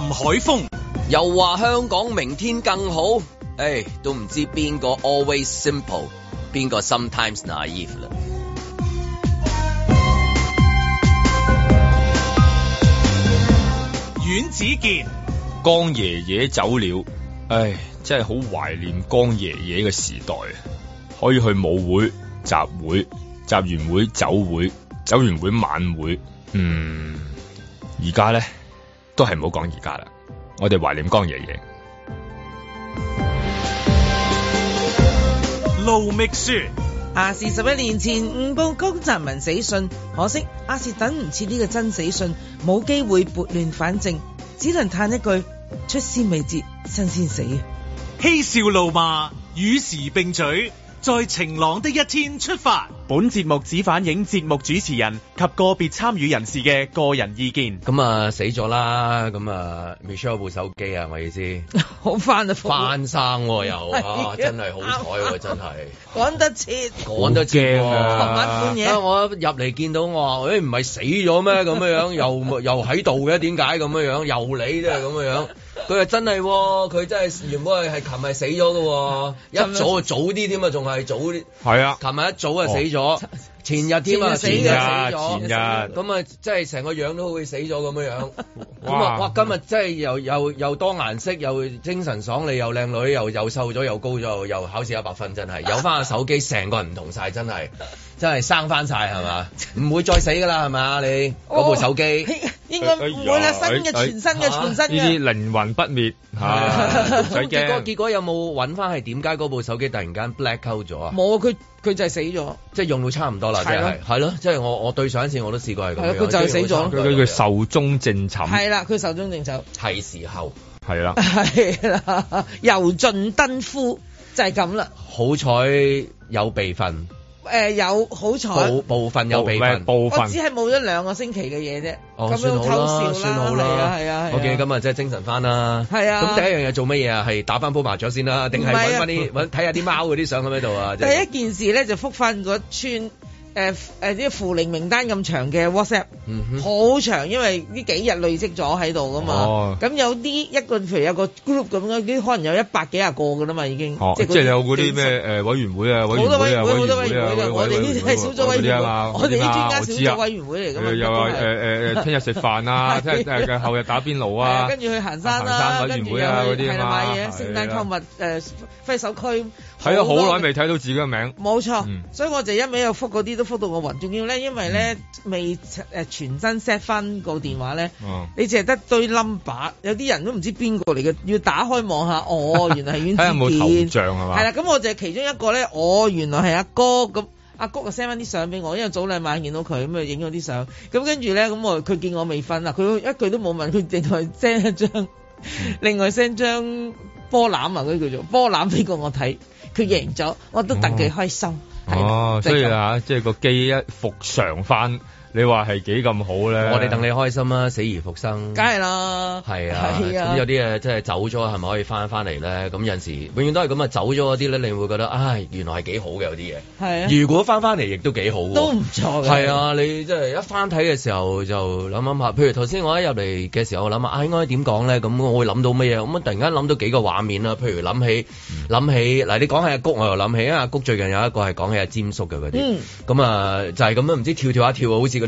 林海峰又話香港明天更好，唉、哎，都唔知邊個 always simple，邊個 sometimes naive 啦。阮子健，江爺爺走了，唉，真係好懷念江爺爺嘅時代啊，可以去舞會、集會、集完會、酒會、酒完會、晚會，嗯，而家咧。都係唔好講而家啦，我哋懷念江爺爺。盧覓雪：亞視、啊、十一年前誤報江澤民死訊，可惜亞視、啊、等唔切呢個真死訊，冇機會撥亂反正，只能嘆一句：出師未捷身先死。嬉笑怒罵與時並舉。在晴朗的一天出發。本節目只反映節目主持人及個別參與人士嘅個人意見。咁啊死咗啦！咁啊 Michelle 部手機啊，我意思好 翻得翻生啊又啊，真係好彩真係。講得切，講得正啊！ 及 我入嚟見到我話，誒唔係死咗咩？咁樣樣又又喺度嘅，點解咁樣樣又嚟咧？咁樣樣。佢係真係，佢真係原本係係琴日死咗嘅，一早就早啲添啊，仲係早啲。係啊，琴日一早就死咗，前日添啊，死咗，前日。咁啊，即係成個樣都好似死咗咁樣樣咁啊，哇！今日真係又又又多顏色，又精神爽利，又靚女，又又瘦咗，又高咗，又考試一百分，真係有翻個手機，成個人唔同晒，真係。真係生翻晒係嘛，唔會再死噶啦係嘛，你嗰部手機應該唔會啦，新嘅全新嘅全新。呢啲靈魂不滅，吓，唔使驚。結果結果有冇揾翻係點解嗰部手機突然間 blackout 咗啊？冇，佢佢就係死咗，即係用到差唔多啦，即係。係咯，即係我我對上一次我都試過係咁佢就係死咗，佢佢壽終正寢。係啦，佢壽終正寢，係時候。係啦，係啦，油盡燈枯就係咁啦。好彩有備份。誒、呃，有好彩部，部有被分有備份，我只係冇咗兩個星期嘅嘢啫，咁、哦、樣偷笑啦，係啊，OK，咁啊，即係、啊啊、精神翻啦，係啊，咁第一樣嘢做乜嘢啊？係打翻鋪麻雀先啦，定係搵翻啲搵睇下啲貓嗰啲相咁喺度啊？第一件事咧就復翻嗰村。誒誒，啲扶靈名單咁長嘅 WhatsApp，好長，因為呢幾日累積咗喺度噶嘛。咁有啲一個，譬如有個 group 咁樣，啲可能有一百幾廿個噶啦嘛，已經。即係有嗰啲咩誒委員會啊，委員會好多委員會啊，我哋呢啲係小組委員會。我哋呢啲專家小組委員會嚟噶嘛？又話誒聽日食飯啊，聽日誒，後日打邊爐啊，跟住去行山啦，跟住啊嗰啲啊，買嘢、聖誕購物誒、揮手區。睇咗好耐未睇到自己嘅名，冇錯錯，嗯、所以我就一味又復嗰啲都復到我暈。仲要咧，因為咧未誒全身 set 翻個電話咧，嗯、你淨係得堆 number，有啲人都唔知邊個嚟嘅，要打開望下，哦，原來係袁子健。睇下 有冇頭像係嘛？係啦，咁我就係其中一個咧。我、哦、原來係阿哥，咁、嗯、阿哥又 send 翻啲相俾我，因為早兩晚見到佢咁啊，影咗啲相。咁跟住咧，咁我佢見我未瞓啦，佢一句都冇問，佢另外 send 一張，嗯、另外 send 張波攬啊嗰啲叫做波攬俾過我睇。佢贏咗，我都戥佢開心。哦，吧哦，所以啊，即係個機一復常翻。你話係幾咁好咧？我哋等你開心啦、啊，死而復生，梗係啦，係啊。咁、啊、有啲嘢即係走咗，係咪可以翻翻嚟咧？咁有陣時永遠都係咁啊，走咗嗰啲咧，你會覺得唉，原來係幾好嘅有啲嘢。係啊。如果翻翻嚟，亦都幾好。都唔錯嘅、啊。係啊，你即係一翻睇嘅時候就諗諗下，譬如頭先我一入嚟嘅時候，我諗下啊，應該點講咧？咁我會諗到乜嘢？咁啊，突然間諗到幾個畫面啦。譬如諗起諗起，嗱，你講起阿谷，我又諗起啊，阿谷最近有一個係講起阿詹叔嘅嗰啲。嗯。咁啊、嗯嗯，就係咁樣，唔知跳跳下跳啊，好似。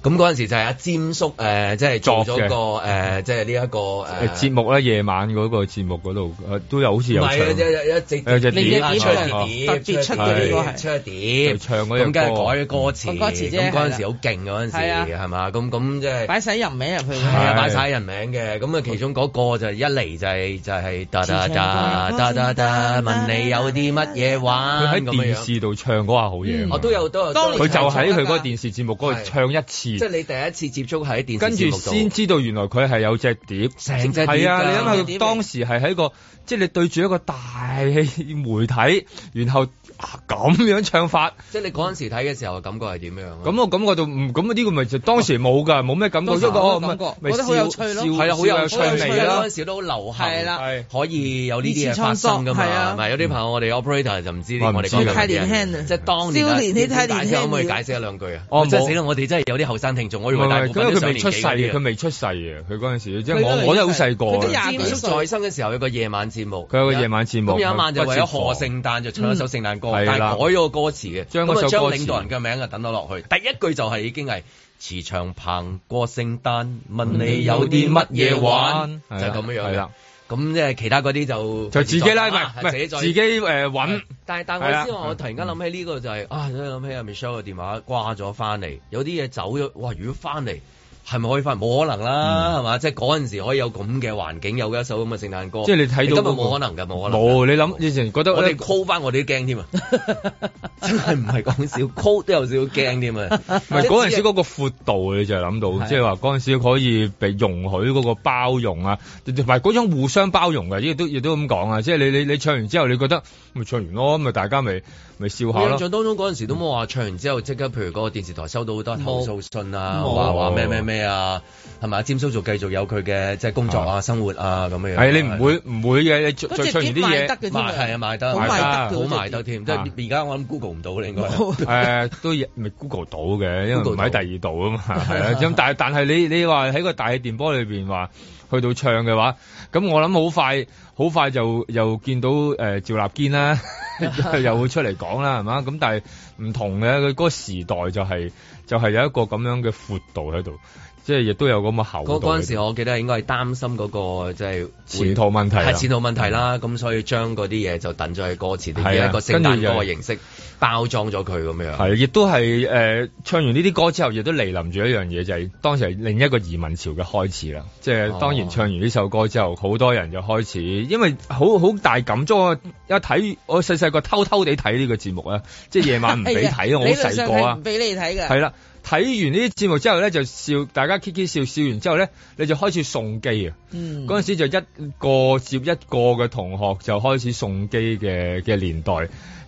咁嗰陣時就係阿詹叔誒，即係做咗個誒，即係呢一個誒節目咧，夜晚嗰個節目嗰度都有，好似有唔係一一直接。你嘅點出嚟？特別出嘅點出嚟？點唱嗰個歌，梗係改歌詞。改歌詞啫。咁嗰時好勁嗰陣時，係啊，係嘛？咁咁即係擺晒人名入去。係啊，擺曬人名嘅。咁啊，其中嗰個就一嚟就係就係嗒嗒嗒，問你有啲乜嘢玩？喺電視度唱嗰下好嘢。我都有都有。當年就喺佢嗰個電視節目嗰度唱一次。即係你第一次接觸喺電視，跟住先知道原來佢係有隻碟，成隻碟。係啊，你因為當時係喺個，即係你對住一個大媒體，然後。咁樣唱法，即係你嗰陣時睇嘅時候感覺係點樣？咁我感覺到，咁呢個咪就當時冇㗎，冇咩感覺。冇感覺，覺得好有趣咯，好有趣味啦。嗰陣時都流，係啦，可以有呢啲嘢發生㗎嘛？係有啲朋友？我哋 operator 就唔知我哋咁嘅嘢。太年輕即係當年。年，你可唔可以解釋一兩句啊？哦，冇。死啦！我哋真係有啲後生聽眾，我以為佢未出世佢未出世啊，佢嗰陣時即係我，我真係好細個。佢廿幾歲。生嘅時候，佢有個夜晚節目。佢有個夜晚節目。咁有一晚就為咗賀聖誕，就唱一首聖誕歌。係，但改咗個歌詞嘅，咁啊將領導人嘅名啊等到落去，第一句就係已經係慈祥鵬過聖誕，問你有啲乜嘢玩，啊、就咁樣樣啦。咁即係其他嗰啲就就自己啦，咪自己誒揾。但係但係，我先、啊、我突然間諗起呢個就係、是、啊，即諗起阿、啊、Michelle 嘅電話掛咗翻嚟，有啲嘢走咗哇！如果翻嚟。係咪可以翻？冇可能啦，係嘛，嗯？即係嗰陣時可以有咁嘅環境，有一首咁嘅聖誕歌。即係你睇到佢冇可能㗎，冇可能。冇，你諗以前覺得我哋的 call 返我哋的都驚添啊！ 真係唔係講笑，call 都有少少驚添啊！唔係嗰陣時嗰個闊度，你就係諗到，即係話嗰陣時可以被容許嗰個包容啊，同埋嗰種互相包容嘅，亦都亦都咁講啊！即係你你你唱完之後，你覺得咪唱完咯，咁咪大家咪。咪笑下印象唱當中嗰陣時都冇話唱完之後即刻，譬如嗰個電視台收到好多投訴信啊，話話咩咩咩啊，係咪啊？詹叔就繼續有佢嘅即係工作啊、生活啊咁樣。係你唔會唔會嘅，你再唱完啲嘢賣係啊賣得，好賣得好賣得添。即係而家我諗 Google 唔到你應該。誒都未 Google 到嘅，因為唔喺第二度啊嘛。係啊，但係但係你你話喺個大電波裏邊話。去到唱嘅話，咁我諗好快，好快就又見到誒趙、呃、立堅啦， 又會出嚟講啦，係嘛？ 咁但係唔同嘅，佢嗰個時代就係、是、就係、是、有一個咁樣嘅闊度喺度。即係亦都有咁嘅效果。嗰嗰陣時，我記得係應該係擔心嗰個即係前途問題，係前途問題啦。咁所以將嗰啲嘢就等咗喺歌詞，一個聖誕歌形式包裝咗佢咁樣。係，亦都係誒，唱完呢啲歌之後，亦都嚟臨住一樣嘢，就係當時係另一個移民潮嘅開始啦。即係當然唱完呢首歌之後，好多人就開始，因為好好大感觸。因為我睇我細細個偷偷地睇呢個節目啊，即係夜晚唔俾睇啊，我細個啊。唔俾你睇嘅。係啦。睇完呢啲節目之後咧，就笑大家騎騎笑，笑完之後咧，你就開始送機啊！嗰陣、嗯、時就一個接一個嘅同學就開始送機嘅嘅年代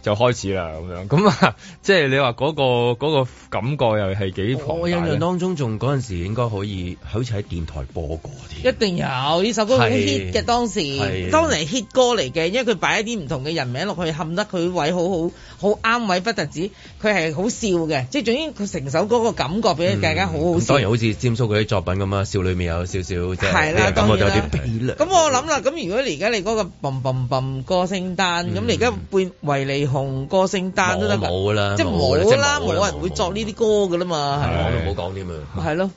就開始啦咁樣。咁啊，即係你話嗰個嗰個感覺又係幾？我印象當中仲嗰陣時應該可以，好似喺電台播過啲。一定有呢首歌好 hit 嘅，當時，當年 hit 歌嚟嘅，因為佢擺一啲唔同嘅人名落去，冚得佢位好好，好啱位不特止。佢係好笑嘅，即係總之佢成首歌個感覺俾大家好好笑。當然好似詹蘇嗰啲作品咁啊，笑裏面有少少即係感覺有啲悲涼。咁我諗啦，咁如果你而家你嗰個冚冚冚過聖誕，咁你而家換維尼熊過聖誕都得㗎。冇啦，即係冇啦，冇人會作呢啲歌㗎啦嘛，係咪？我都唔好講添啊。係咯，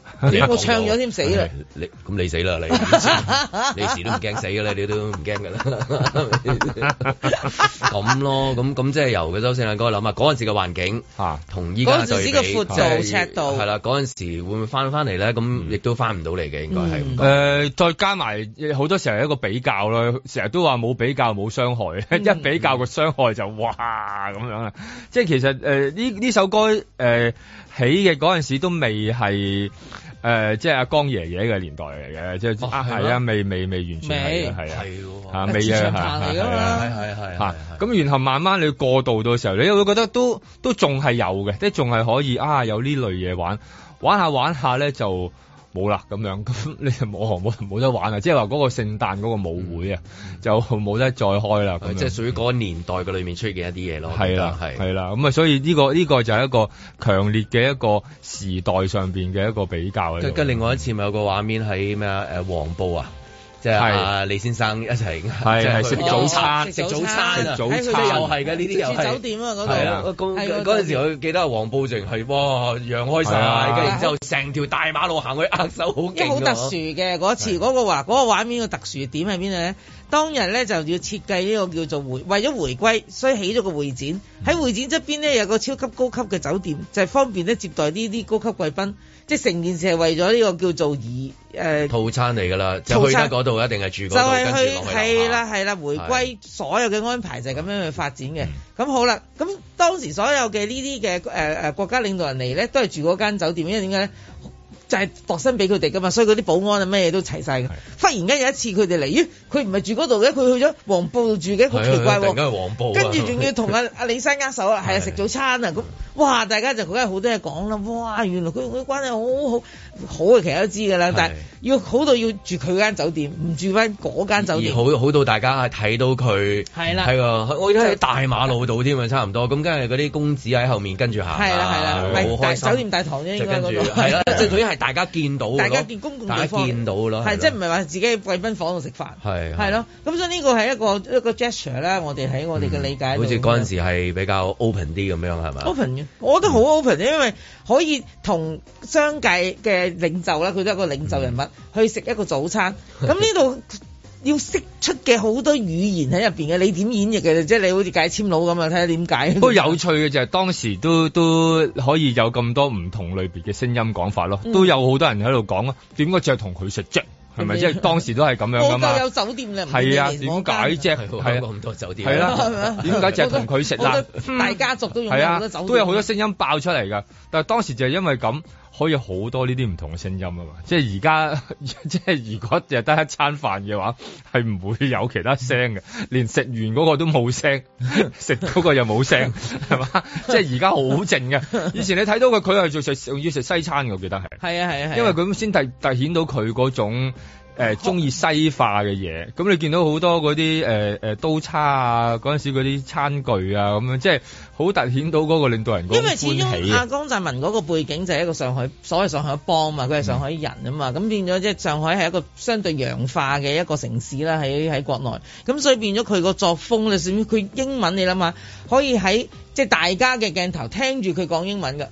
我唱咗添死啦。你咁你死啦你，你時都唔驚死㗎啦，你都唔驚㗎啦。咁咯，咁咁即係由嘅周聖亮哥諗下，嗰陣時嘅環境。吓，啊、同依家對比，個闊度尺度係啦，嗰陣時會唔會翻翻嚟咧？咁亦都翻唔到嚟嘅，應該係。誒、嗯呃，再加埋好多時候係一個比較咯，成日都話冇比較冇傷害， 一比較個傷害就哇咁樣啦。即係其實誒呢呢首歌誒、呃、起嘅嗰陣時都未係。誒、呃，即係阿江爺爺嘅年代嚟嘅，即係係啊，啊，啊，未未未，未完全係啊，係啊，未啊，係啦、啊，係係係嚇，咁然後慢慢你過渡到時候，你又會覺得都都仲係有嘅，即係仲係可以啊，有呢類嘢玩，玩下玩下咧就。冇啦，咁樣，咁你就冇行冇冇得玩啦，即係話嗰個聖誕嗰個舞會啊，嗯、就冇得再開啦，即係屬於嗰個年代嘅裏面出現嘅一啲嘢咯。係啦的，係啦的，咁啊，所以呢、這個呢、這個就係一個強烈嘅一個時代上邊嘅一個比較。跟跟另外一次咪有個畫面喺咩、呃、啊？誒，黃埔啊！即係阿李先生一齊，即係食早餐，食早餐食早餐，又係嘅，呢啲又係住酒店啊！嗰度係啊！嗰陣時我記得啊，黃寶靜係哇，揚開手，跟住之後成條大馬路行去握手，好勁啊！好特殊嘅嗰次，嗰個話嗰個畫面嘅特殊點係邊呢？當日咧就要設計呢個叫做回為咗回歸，所以起咗個會展，喺會展側邊咧有個超級高級嘅酒店，就係方便咧接待呢啲高級貴賓。即係成件事係為咗呢個叫做二誒、呃、套餐嚟噶啦，就去到嗰度一定係住嗰度，就跟住落去係啦係啦，回歸的所有嘅安排就係咁樣去發展嘅。咁、嗯、好啦，咁當時所有嘅呢啲嘅誒誒國家領導人嚟咧都係住嗰間酒店，因為點解咧？就係度身俾佢哋噶嘛，所以嗰啲保安啊咩嘢都齊晒嘅。的忽然間有一次佢哋嚟，咦？佢唔係住嗰度嘅，佢去咗黃埔度住嘅，好奇怪喎、哦！定係黃埔。跟住仲要同阿阿李生握手啊，係啊， 食早餐啊，咁哇，大家就梗係好多嘢講啦，哇！原來佢佢關係好好好。好嘅，其實都知㗎啦，但係要好到要住佢間酒店，唔住返嗰間酒店，好好到大家睇到佢，係啦，係喎，我而家喺大馬路度添啊，差唔多，咁跟住嗰啲公子喺後面跟住行，啊，係啦係啦，酒店大堂啫，應該嗰度，係啦，即係屬於係大家見到，大家見公共地方，見到咯，係即係唔係話自己喺貴賓房度食飯，係係咯，咁的所以呢個係一個一個 gesture 咧，我哋喺我哋嘅理解，嗯，好似嗰陣時係比較 open 啲咁樣係咪？open。我覺得好 open，因為可以同商界嘅。領袖啦，佢都係一個領袖人物，嗯、去食一個早餐。咁呢度要釋出嘅好多語言喺入邊嘅，你點演繹嘅即係？你好似解簽佬咁樣，睇下點解。不過有趣嘅就係當時都都可以有咁多唔同類別嘅聲音講法咯，都有好多人喺度講啊。點解淨係同佢食啫？係咪即係當時都係咁樣噶嘛？夠有酒店啦，係啊？點解啫？係啊，咁多酒店係啦？點解淨係同佢食啊？啊啊 大家族都用咗好多酒店、 嗯、都有好多聲音爆出嚟噶。但係當時就係因為咁。可以好多呢啲唔同嘅聲音啊嘛！即係而家，即係如果又得一餐飯嘅話，係唔會有其他聲嘅，連食完嗰個都冇聲，食嗰個又冇聲，係嘛？ 即係而家好靜嘅。以前你睇到佢，佢係做食，要食西餐嘅，我記得係。係啊係啊係啊。啊，因為佢咁先突突顯到佢嗰種。誒中意西化嘅嘢，咁、嗯、你見到好多嗰啲誒誒刀叉啊，嗰、啊、陣時嗰啲餐具啊，咁、嗯、樣即係好突顯到嗰個領導人。因為始終阿江澤民嗰個背景就係一個上海，所謂上海幫嘛，佢係上海人啊嘛，咁、嗯、變咗即係上海係一個相對洋化嘅一個城市啦，喺喺國內，咁所以變咗佢個作風，你算佢英文，你諗下可以喺即係大家嘅鏡頭聽住佢講英文㗎。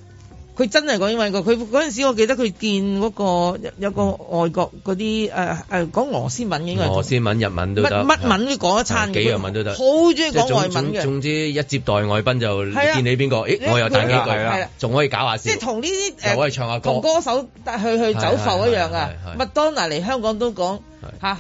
佢真係講英文嘅，佢嗰陣時我記得佢見嗰個有個外國嗰啲誒誒講俄斯文嘅。俄斯文、日文都得，乜文都講一餐嘅，幾樣文都得，好中意講外文嘅。總之一接待外賓就見你邊個，咦我又彈幾句啦，仲可以搞下先。即係同呢啲誒可以唱下歌同歌手去去走秀一樣嘅，麥當娜嚟香港都講吓。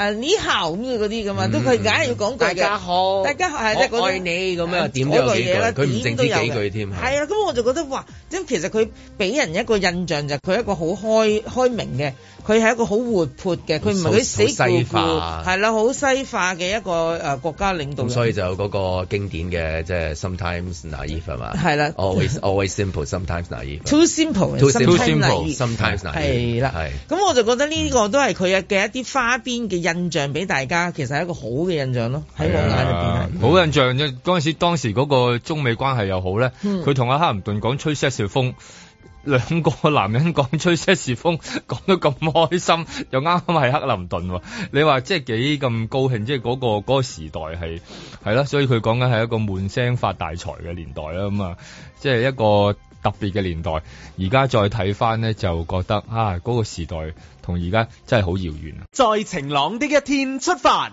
誒，呢校咁嘅嗰啲咁啊，都佢梗係要講句嘅。大家好，大家好，是是我愛你咁樣，點都有嘢啦，點都有幾句添。係啊，咁我就覺得哇，即係其實佢俾人一個印象就係佢一個好開開明嘅。佢係一個好活潑嘅，佢唔係佢死固化，係啦，好西化嘅一個誒國家領導人。所以就有嗰個經典嘅，即係 Sometimes naive 係嘛？係啦。Always always simple, sometimes naive. Too simple, too simple, sometimes naive. 係啦，係。咁我就覺得呢個都係佢嘅一啲花邊嘅印象俾大家，其實係一個好嘅印象咯。喺我眼入邊係。好印象啫！嗰陣時當時嗰個中美關係又好咧，佢同阿哈林頓講吹一少風。兩個男人講吹色士風，講到咁開心，又啱啱係克林頓，啊，你話即係幾咁高興，即係嗰、嗰個嗰、嗰個時代係係啦，所以佢講緊係一個悶聲發大財嘅年代啦，咁啊，即係一個特別嘅年代。而家再睇翻呢，就覺得啊，嗰、嗰個時代同而家真係好遙遠啊！在晴朗的一天出發。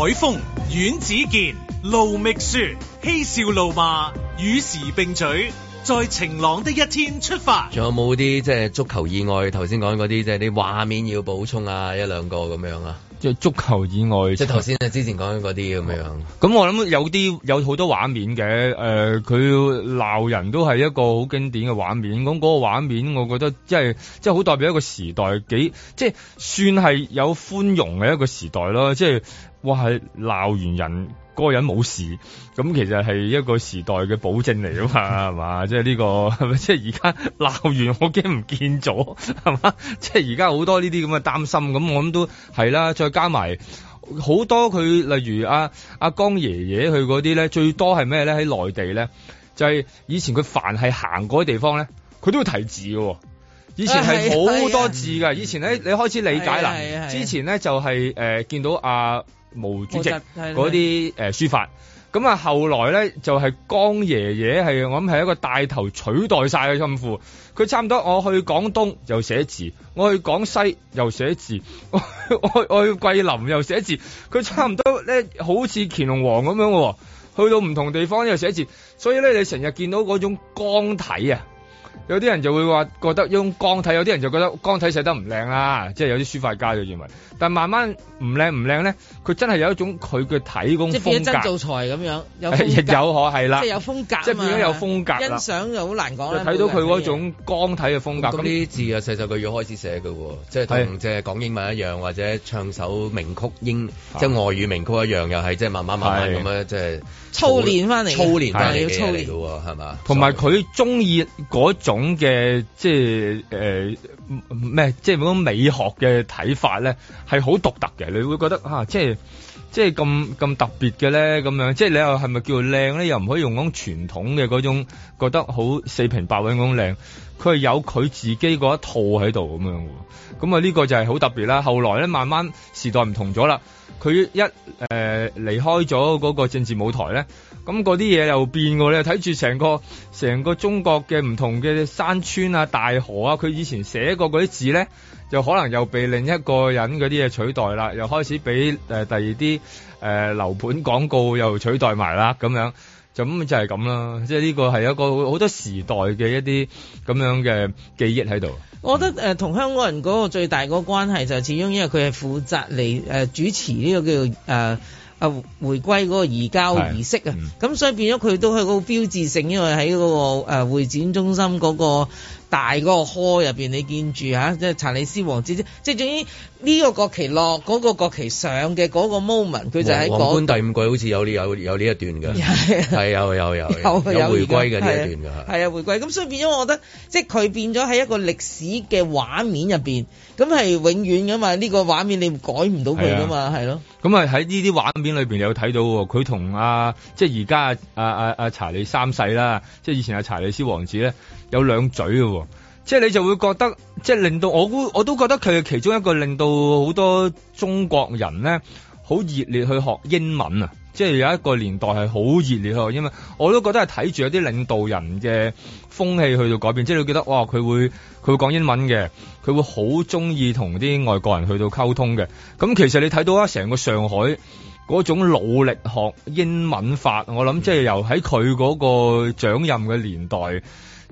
海峰、阮子健、盧覓雪，嬉笑怒罵，與時並舉。在晴朗的一天出發。仲有冇啲即係足球以外，頭先講嗰啲即係啲畫面要補充啊，一兩個咁樣啊？即係足球以外，即係頭先啊，之前講嗰啲咁樣。咁、嗯、我諗有啲有好多畫面嘅，誒、呃，佢鬧人都係一個好經典嘅畫面。咁、那、嗰個畫面，我覺得即係即係好代表一個時代，幾即係算係有寬容嘅一個時代咯，即係。哇！鬧完人個人冇事，咁其實係一個時代嘅保證嚟啊嘛，係嘛？ 即係呢、這個，即係而家鬧完我驚唔見咗，係嘛？即係而家好多呢啲咁嘅擔心，咁我諗都係啦。再加埋好多佢，例如阿、啊、阿江爺爺去嗰啲咧，最多係咩咧？喺內地咧，就係、是、以前佢凡係行嗰啲地方咧，佢都會提字嘅。以前係好多字噶，哎、呀以前咧你開始理解啦。哎哎、之前咧就係、是、誒、呃、見到阿、啊。毛主席嗰啲誒書法，咁啊、 嗯、後來咧就係、是、江爺爺係我諗係一個帶頭取代晒嘅功夫，佢差唔多我去廣東又寫字，我去廣西又寫字，我去我去我去桂林又寫字，佢差唔多咧好似乾隆王咁樣、哦，去到唔同地方又寫字，所以咧你成日見到嗰種江體啊。有啲人就會話覺得用鋼體，有啲人就覺得鋼體寫得唔靚啦，即係有啲書法家就認為。但慢慢唔靚唔靚咧，佢真係有一種佢嘅體工風格。即係變咗真造材咁樣。亦有可係啦。即係有風格。 即係變咗有風格。風格嗎欣賞又好難講啦。睇到佢嗰種鋼體嘅風格。嗰啲誰字啊，寫就佢要開始寫嘅喎，即係同即係講英文一樣，或者唱首名曲英，即係外語名曲一樣，又係即係慢慢慢慢咁樣即係。操是練翻嚟。操練但係要操練嘅喎，係嘛是？同埋佢中意嗰種嘅即係誒咩？即係嗰種美學嘅睇法咧，係好獨特嘅。你會覺得吓、啊，即係即係咁咁特別嘅咧，咁樣即係你又係咪叫靚咧？又唔可以用嗰種傳統嘅嗰種覺得好四平八穩嗰種靚，佢係有佢自己嗰一套喺度咁樣嘅。咁啊，呢、這個就係好特別啦。後來咧，慢慢時代唔同咗啦，佢一誒、呃、離開咗嗰個政治舞台咧。咁嗰啲嘢又變過，你睇住成個成個中國嘅唔同嘅山川啊、大河啊，佢以前寫過嗰啲字咧，就可能又被另一個人嗰啲嘢取代啦，又開始俾誒、呃、第二啲誒樓盤廣告又取代埋啦，咁樣，咁就係咁啦。即係呢個係一個好多時代嘅一啲咁樣嘅記憶喺度。我覺得誒同、呃嗯、香港人嗰個最大嗰個關係就係始終因為佢係負責嚟誒、呃、主持呢個叫做誒。呃啊，迴歸嗰個移交儀式啊，咁、嗯、所以變咗佢都係好標誌性，因為喺嗰、那個誒會、呃、展中心嗰個大個殼入邊，你見住嚇，即係查理斯王子，即係總之呢個國旗落，嗰、那個國旗上嘅嗰個 moment，佢就喺王冠第五季好似有呢有有呢一段嘅，係、啊、有有有有回歸嘅呢一段嘅，係啊，啊回歸，咁所以變咗我覺得，即係佢變咗喺一個歷史嘅畫面入邊。咁係永遠噶嘛？呢、這個畫面你改唔到佢噶嘛？係咯的？咁啊喺呢啲畫面裏邊有睇到、哦，佢同阿即係而家阿阿阿查理三世啦，即係以前阿查理斯王子咧，有兩嘴嘅、哦，即係你就會覺得，即係令到我估我都覺得佢係其中一個令到好多中國人咧。好熱烈去學英文啊！即係有一個年代係好熱烈去學英文，我都覺得係睇住一啲領導人嘅風氣去到改變。即係你記得，哇！佢會佢會講英文嘅，佢會好鍾意同啲外國人去到溝通嘅。咁其實你睇到啊，成個上海嗰種努力學英文法，我諗即係由喺佢嗰個掌任嘅年代。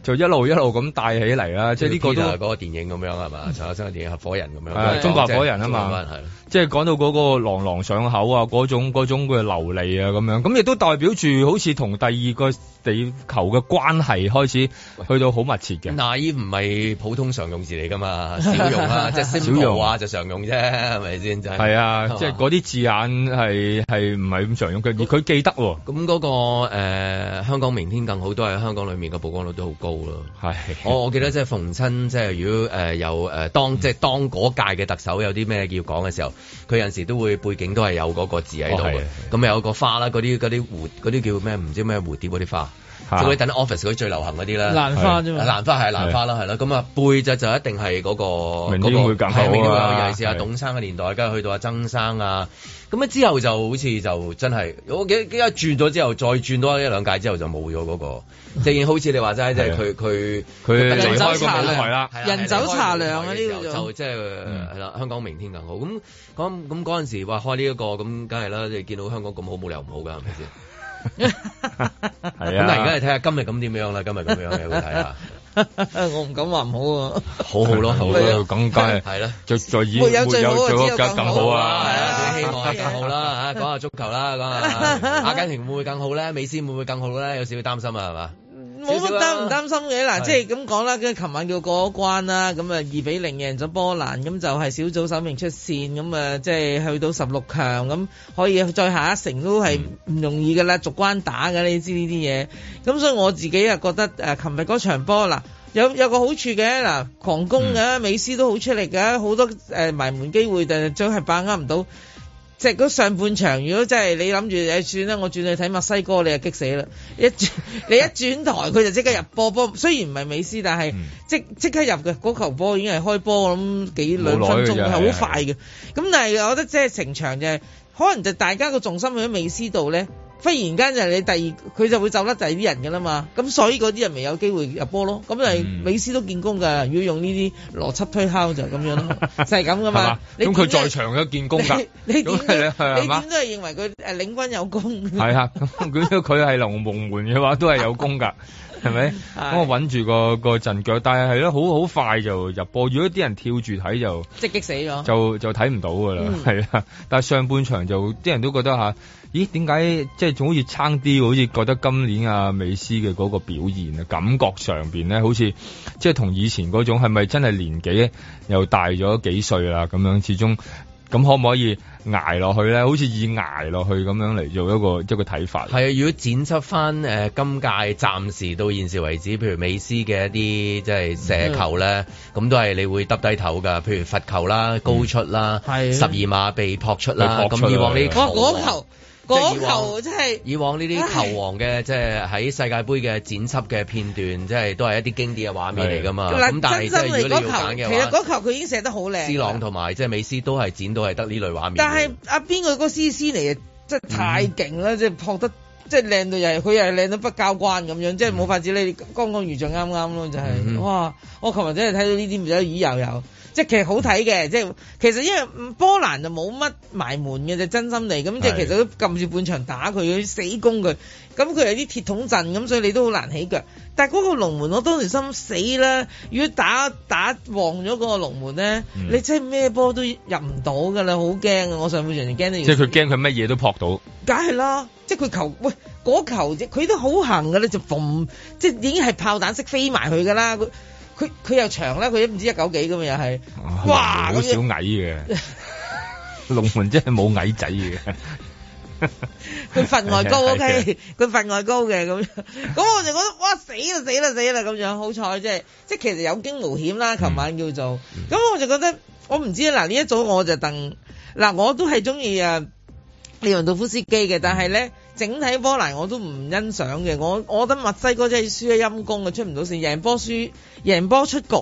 就一路一路咁帶起嚟啦，即係呢個都係嗰個電影咁樣係嘛？陳可 辛嘅電影《 合伙人》咁樣，中國合伙人啊嘛， 吧即係講到嗰個朗朗上口啊，嗰種嗰種嘅流利啊咁樣，咁亦都代表住好似同第二個。地球嘅關係開始去到好密切嘅，那依唔係普通常用字嚟㗎嘛，少用啊， 即係少用啊，就常用啫，係咪先？就係啊，嗯、即係嗰啲字眼係係唔係咁常用嘅，佢、嗯、他記得喎、啊。咁嗰、那個、呃、香港明天更好都係香港裡面嘅曝光率都好高咯。係， 我我記得即係逢親即係如果誒有誒當即係當嗰屆嘅特首有啲咩要講嘅時候，佢有時都會背景都係有嗰個字喺度嘅，咁、哦、有個花啦，啲啲蝴嗰啲叫咩？唔知咩蝴蝶嗰啲花。即係等 office 嗰啲最流行嗰啲啦，蘭花啫嘛，蘭花係蘭花啦，係啦。咁啊，背脊就一定係嗰個，明天會更好。啊，尤其是阿董生嘅年代，跟住去到阿曾生啊，咁啊，之後就好似就真係，我記得一轉咗之後，再轉多一兩屆之後就冇咗嗰個。雖然好似你話齋，即係佢佢佢離開個舞台啦，人走茶涼啊，呢個就即係係啦。香港明天更好。咁咁咁嗰陣時話開呢一個咁，梗係啦，你見到香港咁好，冇理由唔好㗎，係咪先？係啊，咁而家嚟睇下今日咁點樣啦，今日咁樣有冇睇下？我唔敢話唔好啊， 好好咯，好咯，咁梗係係啦，再再演，沒有最好，最好只有更好啦，係啊，希望係更好啦吓，講下足球啦，講下阿根廷會唔會更好咧？美斯會唔會更好咧？有少少擔心啊，係嘛？冇乜擔唔擔心嘅嗱，啊、即係咁講啦。跟住琴晚叫過咗關啦，咁啊二比零贏咗波蘭，咁就係小組首名出線，咁啊即係去到十六強，咁可以再下一城都係唔容易噶啦、嗯，逐關打噶你知呢啲嘢。咁所以我自己啊覺得誒，琴日嗰場波嗱有有個好處嘅嗱，狂攻嘅，美斯都好出力嘅，好多誒埋、呃、門機會，但係就係把握唔到。即係嗰上半場，如果真係你諗住誒算啦、哎，我轉去睇墨西哥，你就激死啦！一轉 你一轉台，佢就即刻入波波。雖然唔係美斯，但係即即、嗯、刻入嘅嗰球波已經係開波，我諗幾兩分鐘係好是快嘅。咁但係我覺得即係成場就係、是、可能就大家個重心喺美斯度咧。忽然間就係你第二，佢就會走得第二啲人噶啦嘛，咁所以嗰啲人咪有機會入波咯。咁就係，美斯都建功㗎，要用呢啲邏輯推敲就係咁樣咯， 就係咁噶嘛。咁佢 吧在場都建功㗎，你點？ 吧你點都係認為佢誒領軍有功？係 啊，佢佢係龍門嘅話都係有功㗎。 係咪咁，我穩住個個陣腳？但係係咯，好好快就入波，如果啲人跳住睇就即激死咗，就就睇唔到噶啦。係啦、嗯，但係上半場就啲人都覺得吓，咦？點解即係仲好似差啲？好似覺得今年阿、啊、美斯嘅嗰個表現啊，感覺上邊咧好似即係同以前嗰種係咪真係年紀又大咗幾歲啦？咁樣始終。咁可唔可以捱落去咧？好似以捱落去咁樣嚟做一個一個睇法。係啊，如果剪輯返誒今屆暫時到現時為止，譬如美斯嘅一啲即係射球咧，咁的都係你會耷低頭㗎。譬如罰球啦、的高出啦、十二碼被撲出啦，咁以往你球的！嗰球即係以往呢啲球王嘅。啊、即係喺世界盃嘅剪輯嘅片段，即係的都係一啲經典嘅畫面嚟噶嘛。咁的但係即係如果揀嘅話，其實嗰球佢已經射得好靚。C 朗同埋即係美斯都係剪到係得呢類畫面但是。但係阿邊個個 C C 嚟啊？真嗯、即係太勁啦，即係撲得。即係靚到又係佢又係靚到不交關咁樣，即係冇法子，你剛剛如像啱啱咯，就係、是、哇！我琴日真係睇到呢啲唔知魚游游，即係其實好睇嘅，即係其實因為波蘭就冇乜埋門嘅，就真心嚟咁，即係其實都撳住半場打佢，死攻佢，咁佢係啲鐵桶陣咁，所以你都好難起腳。但係嗰個龍門，我當時心死啦，如果打打旺咗嗰個龍門咧，嗯、你真係咩波都入唔到噶啦，好驚啊！我上半場驚到即係佢驚佢乜嘢都撲到，梗係啦。即係佢球喂，嗰球啫，佢都好行噶啦，就逢，即係已經係炮彈式飛埋去噶啦。佢佢佢又長啦，佢都唔知一九幾咁樣又係，哇，好少矮嘅。龍門真係冇矮仔嘅。佢份外高，OK，佢份外高嘅咁樣。咁我就覺得，哇，死啦死啦死啦咁樣。好彩即係，即係其實有驚無險啦。琴晚叫做咁，我就覺得，我唔知啦。嗱，呢一早我就鄧嗱，我都係中意啊。利雲道夫斯基嘅，但係咧整體波蘭我都唔欣賞嘅，我我覺得墨西哥真係輸咗陰公嘅，出唔到線，贏波輸，贏波出局，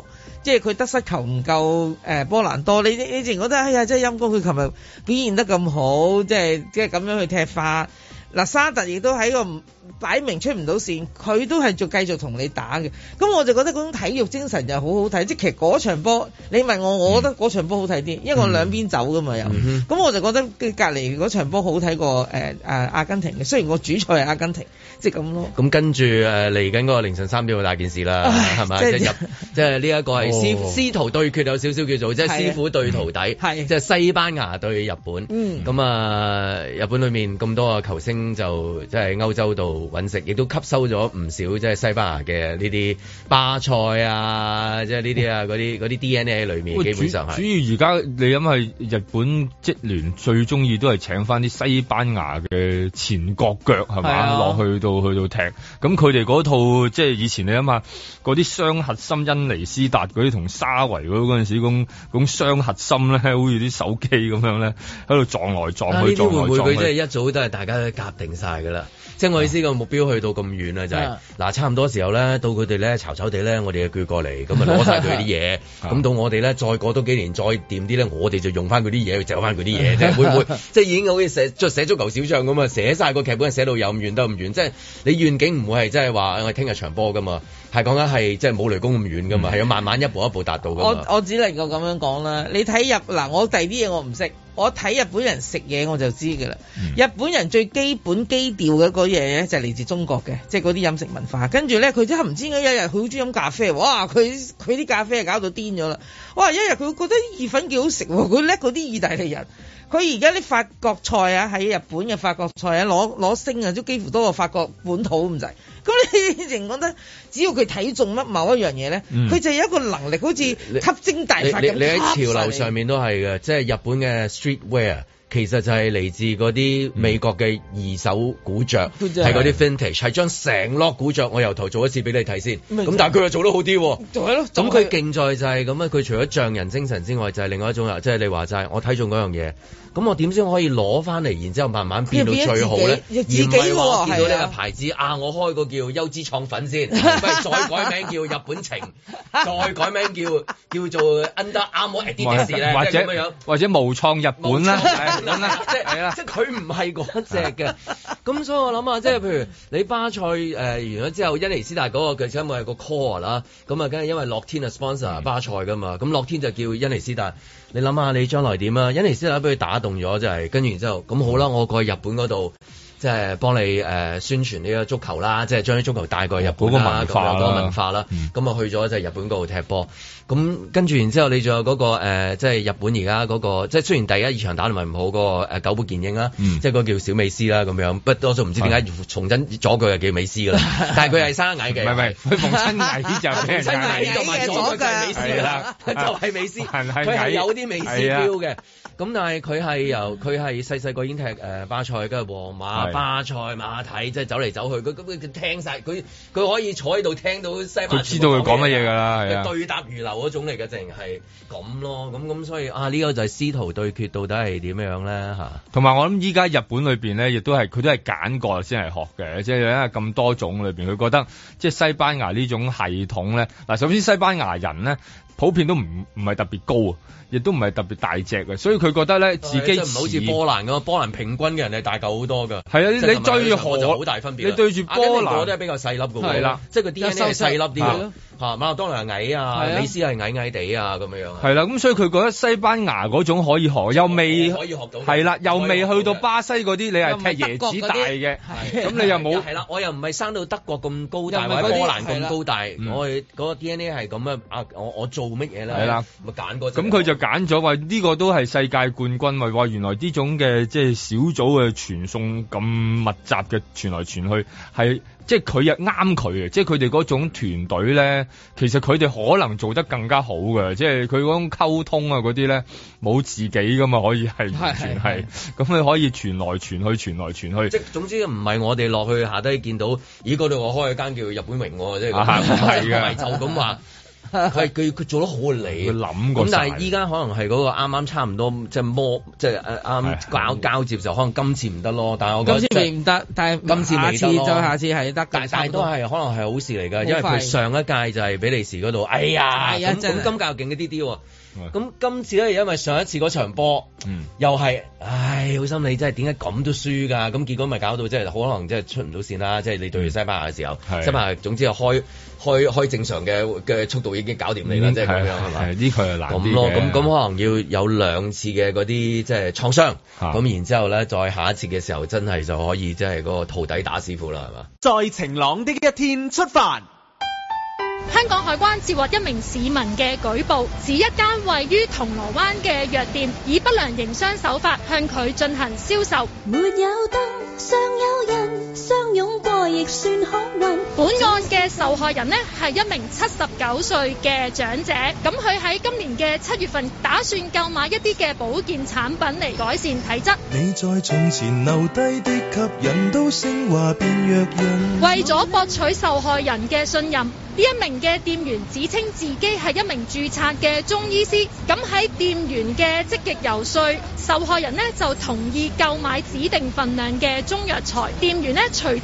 即係佢得失球唔夠誒、呃，波蘭多，你你直程覺得哎呀真係陰公，佢琴日表現得咁好，即係即係咁樣去踢法。嗱，沙特亦都喺個擺明出唔到線，佢都係仲繼續同你打嘅，咁我就覺得嗰種體育精神就好好睇。即係其實嗰場波，你問我，我覺得嗰場波好睇啲，因為我兩邊走㗎嘛又，咁、嗯、哼我就覺得隔籬嗰場波好睇過誒誒、呃啊、阿根廷嘅，雖然我主菜係阿根廷。即咁咯。咁跟住誒嚟緊嗰個凌晨三點嘅大件事啦，係咪？即係入，即係呢一個係師師徒對決有少少叫做，即係師傅對徒弟，係即係西班牙對日本。咁啊，日本裏面咁多個球星就即係歐洲度揾食，亦都吸收咗唔少即係西班牙嘅呢啲巴塞啊，即係呢啲啊嗰啲嗰啲 DNA 喺裏面，基本上係。主要而家你諗係日本職聯最中意都係請翻啲西班牙嘅前國腳係咪？落去到。去到踢，咁佢哋嗰套即係以前你諗下，嗰啲雙核心恩尼斯達嗰啲同沙維嗰嗰陣時咁，咁雙核心咧，好似啲手機咁樣咧，喺度撞來撞去。啊，呢啲、啊、會唔會佢即係一早都係大家都夾定晒噶啦？啊、即係我意思個目標去到咁遠、就係、啊！就嗱、啊，差唔多時候咧，到佢哋咧嘈嘈地咧，我哋又叫過嚟，咁攞晒佢啲嘢。咁、啊啊、到我哋咧，再過多幾年，再掂啲咧，我哋就用翻佢啲嘢，就翻佢啲嘢啫。會唔會 即係已經好似寫足球小將咁啊？寫晒個劇本，寫到又唔遠，得唔遠，即係。你願景唔會係真係話我聽日長波噶嘛，係講緊係即係冇雷公咁遠噶嘛，係、嗯、要慢慢一步一步達到噶嘛。我我只能夠咁樣講啦。你睇，日嗱，我第二啲嘢，我唔識，我睇日本人食嘢我就知噶啦。嗯、日本人最基本基調嘅嗰嘢，咧就嚟自中國嘅，即係嗰啲飲食文化。跟住咧佢真係唔知點解有日佢好中意飲咖啡，哇！佢佢啲咖啡搞到癲咗啦。哇！一日佢會覺得意粉幾好食，佢叻過啲意大利人。佢而家啲法國菜啊，喺日本嘅法國菜啊，攞攞星啊，都幾乎多過法國本土咁、啊、滯。咁你仍然覺得，只要佢睇中乜某一樣嘢咧，佢、嗯、就有一個能力，好似吸睛大法咁，你喺潮流上面都係嘅，你即係日本嘅 streetwear。其實就係嚟自嗰啲美國嘅二手古著，係嗰啲 Vintage，係將成攞古著，我由頭做一次俾你睇先。咁、嗯、但係佢又做得好啲、哦，就係、是、咯。咁佢勁在就係咁樣，佢除咗匠人精神之外，就係、是、另外一種。種、就是，即係你話齋，係我睇中嗰樣嘢。咁我點先可以攞翻嚟，然之後慢慢變到最好咧？而唔係話見到呢個牌子啊，我開個叫優姿創粉先，再改名叫日本情，再改名叫叫做 Under Armour Adidas 或者無創日本啦，咁啦，即係啦，即係佢唔係嗰隻嘅。咁所以我諗啊，即係譬如你巴塞誒完咗之後，恩尼斯達嗰個巨星咪係個 call 啦。咁啊，梗係因為樂天啊 sponsor 巴塞噶嘛。咁樂天就叫恩尼斯達。你諗下你將來點啊？因尼斯拉俾佢打動咗就係，跟住然之後咁好啦，我過去日本嗰度。即係幫你誒宣傳呢個足球啦，即係將啲足球帶過去日本啦，咁文化啦。咁啊、嗯、去咗就係日本嗰度踢波。咁跟住然之後你、那個，你仲有嗰個即係日本而家嗰個，即係雖然第一場打唔係唔好嗰個久保建英啦，嗯、即係嗰個叫小美斯啦咁樣。不過我唔知點解重振左佢係叫美斯㗎啦。嗯、但係佢係生矮嘅，唔係唔係，佢逢親眼就逢 親眼就迷左㗎。美斯啦，就係美斯，佢係有啲美斯標嘅。咁但係佢係由佢係細細個已經踢誒巴塞跟嘅皇馬是巴塞馬體，即係走嚟走去，佢咁佢聽晒，佢佢可以坐喺度聽到西班牙，佢知道佢講乜嘢㗎啦，係、啊、對答如流嗰種嚟嘅，淨係咁咯。咁咁所以啊，呢、這個就係師徒對決，到底係點樣咧嚇？同埋我諗依家日本裏邊咧，亦都係佢都係揀過先係學嘅、就是，即係因為咁多種裏邊，佢覺得即係西班牙呢種系統咧。嗱，首先西班牙人咧，普遍都唔唔係特別高啊，亦都唔係特別大隻嘅，所以佢覺得咧自己唔好似波蘭咁啊。波蘭平均嘅人係大嚿好多㗎。係啊，你追住荷就好大分別。你對住波蘭都係比較細粒㗎。係啦，即係個 DNA 係細粒啲㗎。嚇，馬勒當拿係矮啊，美斯係矮矮哋啊，咁樣樣。係啦，咁所以佢覺得西班牙嗰種可以學，又未可以學到。係啦，又未去到巴西嗰啲，你係踢椰子大嘅，咁你又冇。係啦，我又唔係生到德國咁高大，或者波蘭咁高大，我嗰個 DNA 係咁啊！我我做。做乜嘢啦？係啦的，咪揀，咁佢就揀咗話呢個都係世界冠軍，咪話原來呢種嘅即係小組嘅傳送咁密集嘅，傳來傳去係即係佢又啱佢嘅，即係佢哋嗰種團隊咧，其實佢哋可能做得更加好嘅，即係佢嗰種溝通啊嗰啲咧冇自己噶嘛，可以係完全係咁，你可以傳來傳去，傳來傳去。即總之唔係我哋落去下低見到，咦嗰度我開一間叫日本榮啊，即係係就咁、是、話、那個。係佢佢做得好理，佢諗過。咁但係依家可能係嗰個啱啱差唔多，即係摸，即係誒啱搞交接就可能今次唔得咯。但係我覺得今次唔係唔得，但今次未唔得，但係今次未得，下次再下次係得。但係都係可能係好事嚟噶，快因為佢上一屆就係比利時嗰度，哎呀咁今屆又勁一啲啲。咁今次咧，因為上一次嗰場波，嗯、又係唉好心理，你真係點解咁都輸噶？咁結果咪搞到即係好可能即係出唔到綫啦。即係你對住西班牙嘅時候，嗯、西班牙總之啊開。開開正常嘅嘅速度已經搞掂你啦，即係咁樣係嘛？佢係難咁咯，咁咁可能要有兩次嘅嗰啲即係創傷，咁、就是嗯、然之後咧，再下一次嘅時候真係就可以即係嗰個徒弟打師傅啦，係嘛？在晴朗的一天出發，香港海關接獲一名市民嘅舉報，指一間位於銅鑼灣嘅藥店以不良營商手法向佢進行銷售。沒有燈，尚有人。本案嘅受害人呢，係一名七十九歲嘅長者，咁佢喺今年嘅七月份打算購買一啲嘅保健產品嚟改善體質。你在從前留低的吸引都升華變弱人。為咗博取受害人嘅信任，呢一名嘅店員自稱自己係一名注冊嘅中醫師，咁喺店員嘅積極遊說，受害人呢就同意購買指定份量嘅中藥材。店員呢隨。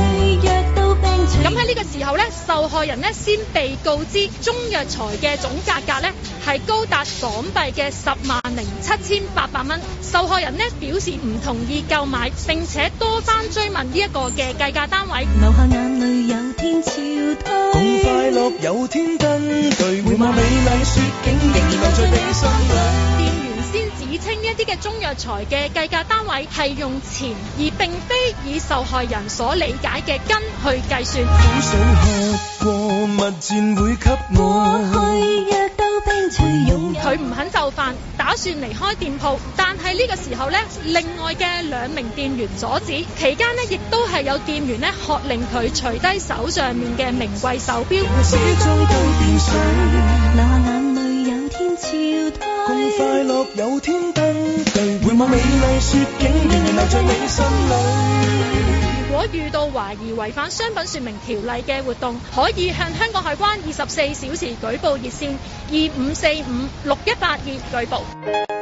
咁喺呢個時候咧，受害人咧先被告知中藥材嘅總價格咧係高達港幣嘅十萬零七千八百蚊。受害人咧表示唔同意購買，並且多番追問呢一個嘅計價單位。留下眼淚有天共快樂有天跟，回望 美麗雪景，仍然留在你心裏。以稱一啲嘅中藥材嘅計價單位係用錢，而並非以受害人所理解嘅斤去計算，喝過物會我想去冰脆勇，佢唔肯就範，打算離開店鋪，但係呢個時候呢，另外嘅兩名店員阻止，期間呢，亦都係有店員呢喝令佢除低手上面嘅名貴手錶。共快樂有天登對，回望美麗雪景，仍然留在你心裏。如果遇到懷疑違反商品説明條例嘅活動，可以向香港海關二十四小時舉報熱線二五四五六一八二舉報。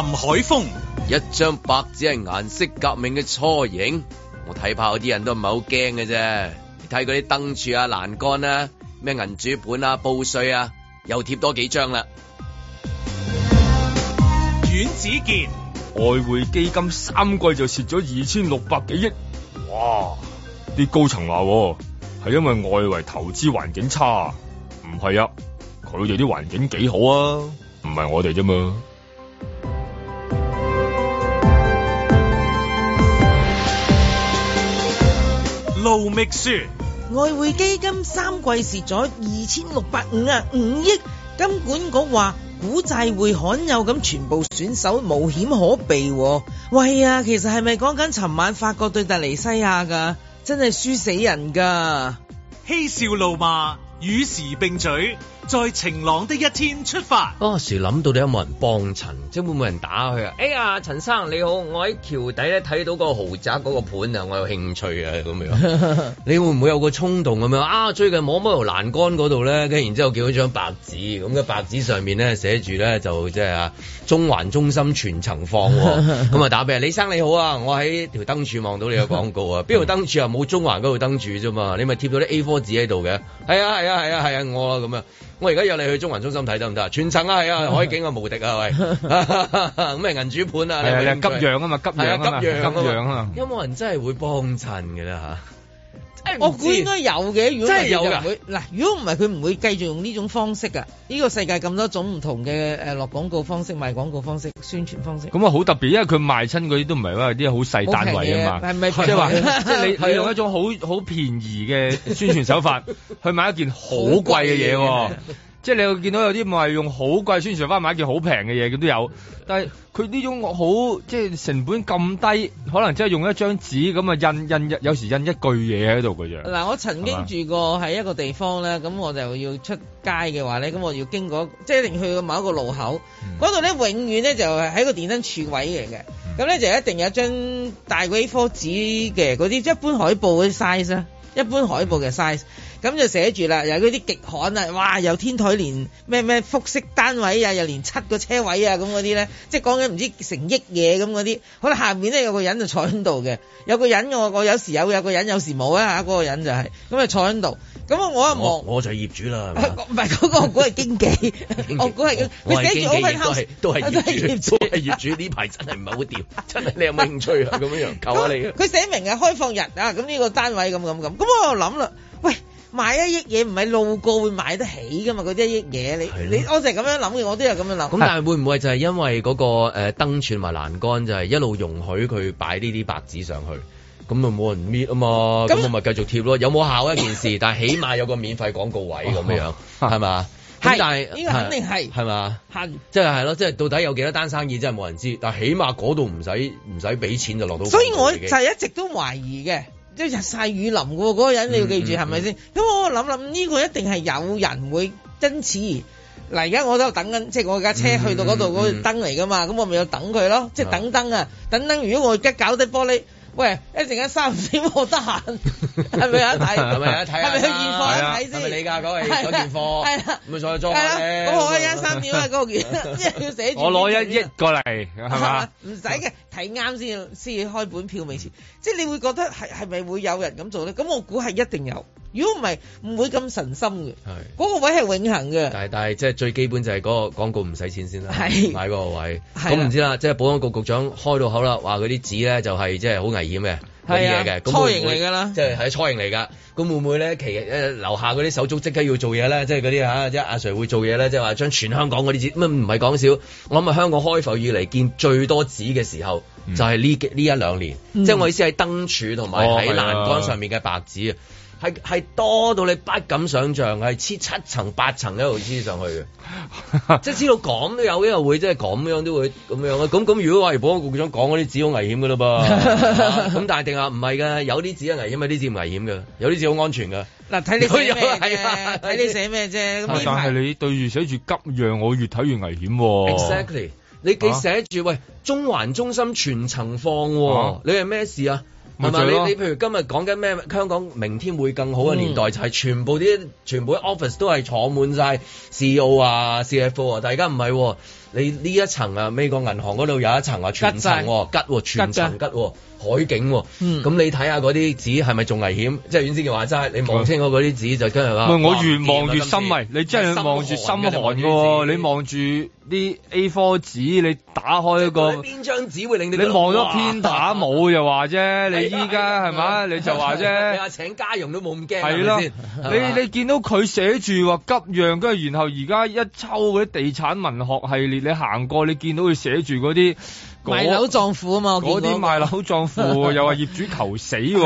林海峰，一張白紙係顏色革命嘅雛形，我睇怕啲人都唔係好驚嘅啫。你睇嗰啲燈柱啊欄杆啊、咩銀主盤啊報稅啊，又貼多幾張啦。阮子健，外匯基金三季就蝕咗二千六百幾億，哇！啲高層話係、啊、因為外圍投資環境差，唔係啊，佢哋啲環境幾好啊，唔係我哋啫嘛。盧覓雪，外匯基金三季蝕咗二千六百五啊，五億。金管局話，股債會罕有咁全部選手無險可避。喂啊，其實係咪講緊尋晚法國對突尼西亞噶？真係輸死人噶！嬉笑怒罵，與時並嘴。在晴朗的一天出發。嗰時諗到你有冇人幫襯，即係會唔會人打佢啊？哎呀，陳生你好，我喺橋底咧睇到個豪宅嗰個盤啊，我有興趣啊咁樣。你會唔會有個衝動咁樣啊？最近摸摸條欄杆嗰度咧，跟住然之後見到張白紙，咁嘅白紙上面咧寫住咧就即係啊中環中心全層放。咁啊打俾李生，你好啊，我喺條燈柱望到你嘅廣告啊，邊條燈柱啊？冇中環嗰條燈柱啫嘛，你咪貼到啲 A4 紙喺度嘅。係啊係啊係啊係啊，我咁啊。我而家約你去中環中心睇得唔得？全層啊，係啊， 海景敵啊，無敵 啊，係咪？ 咁咩銀主盤啊？係啊，急讓啊嘛，急讓啊，急讓啊，有冇人真係會幫襯噶啦吓。我估應該有嘅，如果唔係佢唔會嗱，如果唔係佢唔會繼續用呢種方式噶。呢個世界咁多種唔同嘅誒落廣告方式、賣廣告方式、宣傳方式。咁啊，好特別，因為佢賣親嗰啲都唔係話啲好細單位啊嘛，即係話即係你係用一種好好便宜嘅宣傳手法 去買一件好貴嘅嘢。 即係你會見到有啲咪用好貴宣傳翻買件好平嘅嘢，佢都有。但係佢呢種好即係成本咁低，可能即係用一張紙咁啊印印，印有時印一句嘢喺度嘅啫。嗱，我曾經住過喺一個地方咧，咁吧我就要出街嘅話咧，咁我要經過即係一定去到某一個路口嗰度咧，永遠咧就係、是、喺個電燈柱位嚟嘅。咁咧就一定有一張大幾棵紙嘅嗰啲一般海報嗰啲 size 啊。一般海報嘅 size，咁就寫住啦，有嗰啲極罕啊，哇，有天台連咩咩複式單位啊，又連七個車位啊，咁嗰啲咧，即係講緊唔知成億嘢咁嗰啲。可能下面咧有個人就坐喺度嘅，有個人我我有時有有個人有時冇啊，嗰個人就係咁就坐喺度。咁我我一望，我就係業主啦。唔係嗰個，我估係經紀。我估係佢寫住，我咩敲？都係業主，呢排真係唔係好掂，真係你有冇興趣啊？咁樣樣求下你。佢寫明係開放日啊，咁呢個單位咁咁咁。咁我就諗啦，喂，買一億嘢唔係路過會買得起噶嘛？嗰啲一億嘢，你你我成係咁樣諗嘅，我都係咁樣諗。咁但係會唔會就係因為嗰個誒燈柱埋欄杆，就係一路容許佢擺呢啲白紙上去？咁就冇人搣啊嘛，咁我咪繼續貼咯。有冇效一件事，但係起碼有個免費廣告位咁樣樣，係嘛？咁但係呢個肯定係係嘛？係即係係咯，即係到底有幾多單生意真係冇人知，但係起碼嗰度唔使唔使俾錢就落到。所以我就係一直都懷疑嘅，即係日曬雨淋嘅喎。嗰個人你要記住係咪先？咁我諗諗呢個一定係有人會因此。嗱，而家我都等緊，即係我架車去到嗰度嗰度燈嚟㗎嘛，咁我咪要等佢咯，即係等等啊，等等。如果我一搞啲玻璃。喂，一陣間三點我得閒，係咪有得睇？係咪有得睇，係咪有件貨，一睇先？係咪你㗎嗰位嗰件貨？係啦，唔係再租咩？咁我一陣間三點啊，嗰、那個、件即係 要寫住。 我攞一億過嚟，係嘛？ 唔使嘅。睇啱先先至開本票尾錢，嗯、即係你會覺得係係咪會有人咁做咧？咁我估係一定有，如果唔係唔會咁神心嘅。係嗰是個位係永恒嘅。係但係即係最基本就係嗰個廣告唔使錢先啦，是買個位。咁唔的知啦，即係保安局局長開到口啦，話嗰啲紙咧就係即係好危險嘅。啲嘢嘅，咁會唔會即係係初型嚟噶？咁會唔會咧，就是？其誒樓，呃、下嗰啲手足即刻要做嘢咧，就是啊？即係嗰啲嚇，即係阿 Sir 會做嘢咧？即係話將全香港嗰啲紙，咁啊唔係講笑，我諗係香港開埠以嚟見最多紙嘅時候，就係呢幾呢一兩年。嗯、即係我意思係燈柱同埋喺欄杆上面嘅白紙啊！哦係係多到你不敢想象係黐七層八層一路黐上去嘅，即係黐到咁都有，因為會即係咁樣都會咁樣啊！咁咁如果話如保安局長講嗰啲紙好危險噶啦噃，咁 但係定下唔係噶，有啲紙係危險，有啲紙唔危險嘅，有啲紙好安全噶。嗱，睇 你寫咩，睇你寫咩啫。咁 但係你對住寫住急讓，我越睇越危險、哦。Exactly，你你寫住喂，中環中心全層放、哦，啊、你係咩事啊？唔係 你你譬如今日講緊咩香港明天會更好嘅年代、嗯、就係全部啲全部啲 office 都係坐滿晒、啊、CEO 啊，CFO 啊，但而家唔係。你呢一層啊，美國銀行嗰度有一層啊，全層㗋，全層吉㗋，海景。咁你睇下嗰啲紙係咪仲危險？即係原先嘅，話齋，你望清楚嗰啲紙就真係啦。我越望越心迷，你真係望住心寒噶。你望住啲 A4 紙，你打開個邊張紙會令你你望咗天打冇又話啫。你依家係咪你就話啫。你話請家傭都冇咁驚係啦。你你見到佢寫住話急讓，跟住然後而家一抽嗰啲地產文學系列。你行過，你見到佢寫住嗰啲賣樓葬父啊嘛，嗰啲賣樓葬父又話業主求死喎，寫住、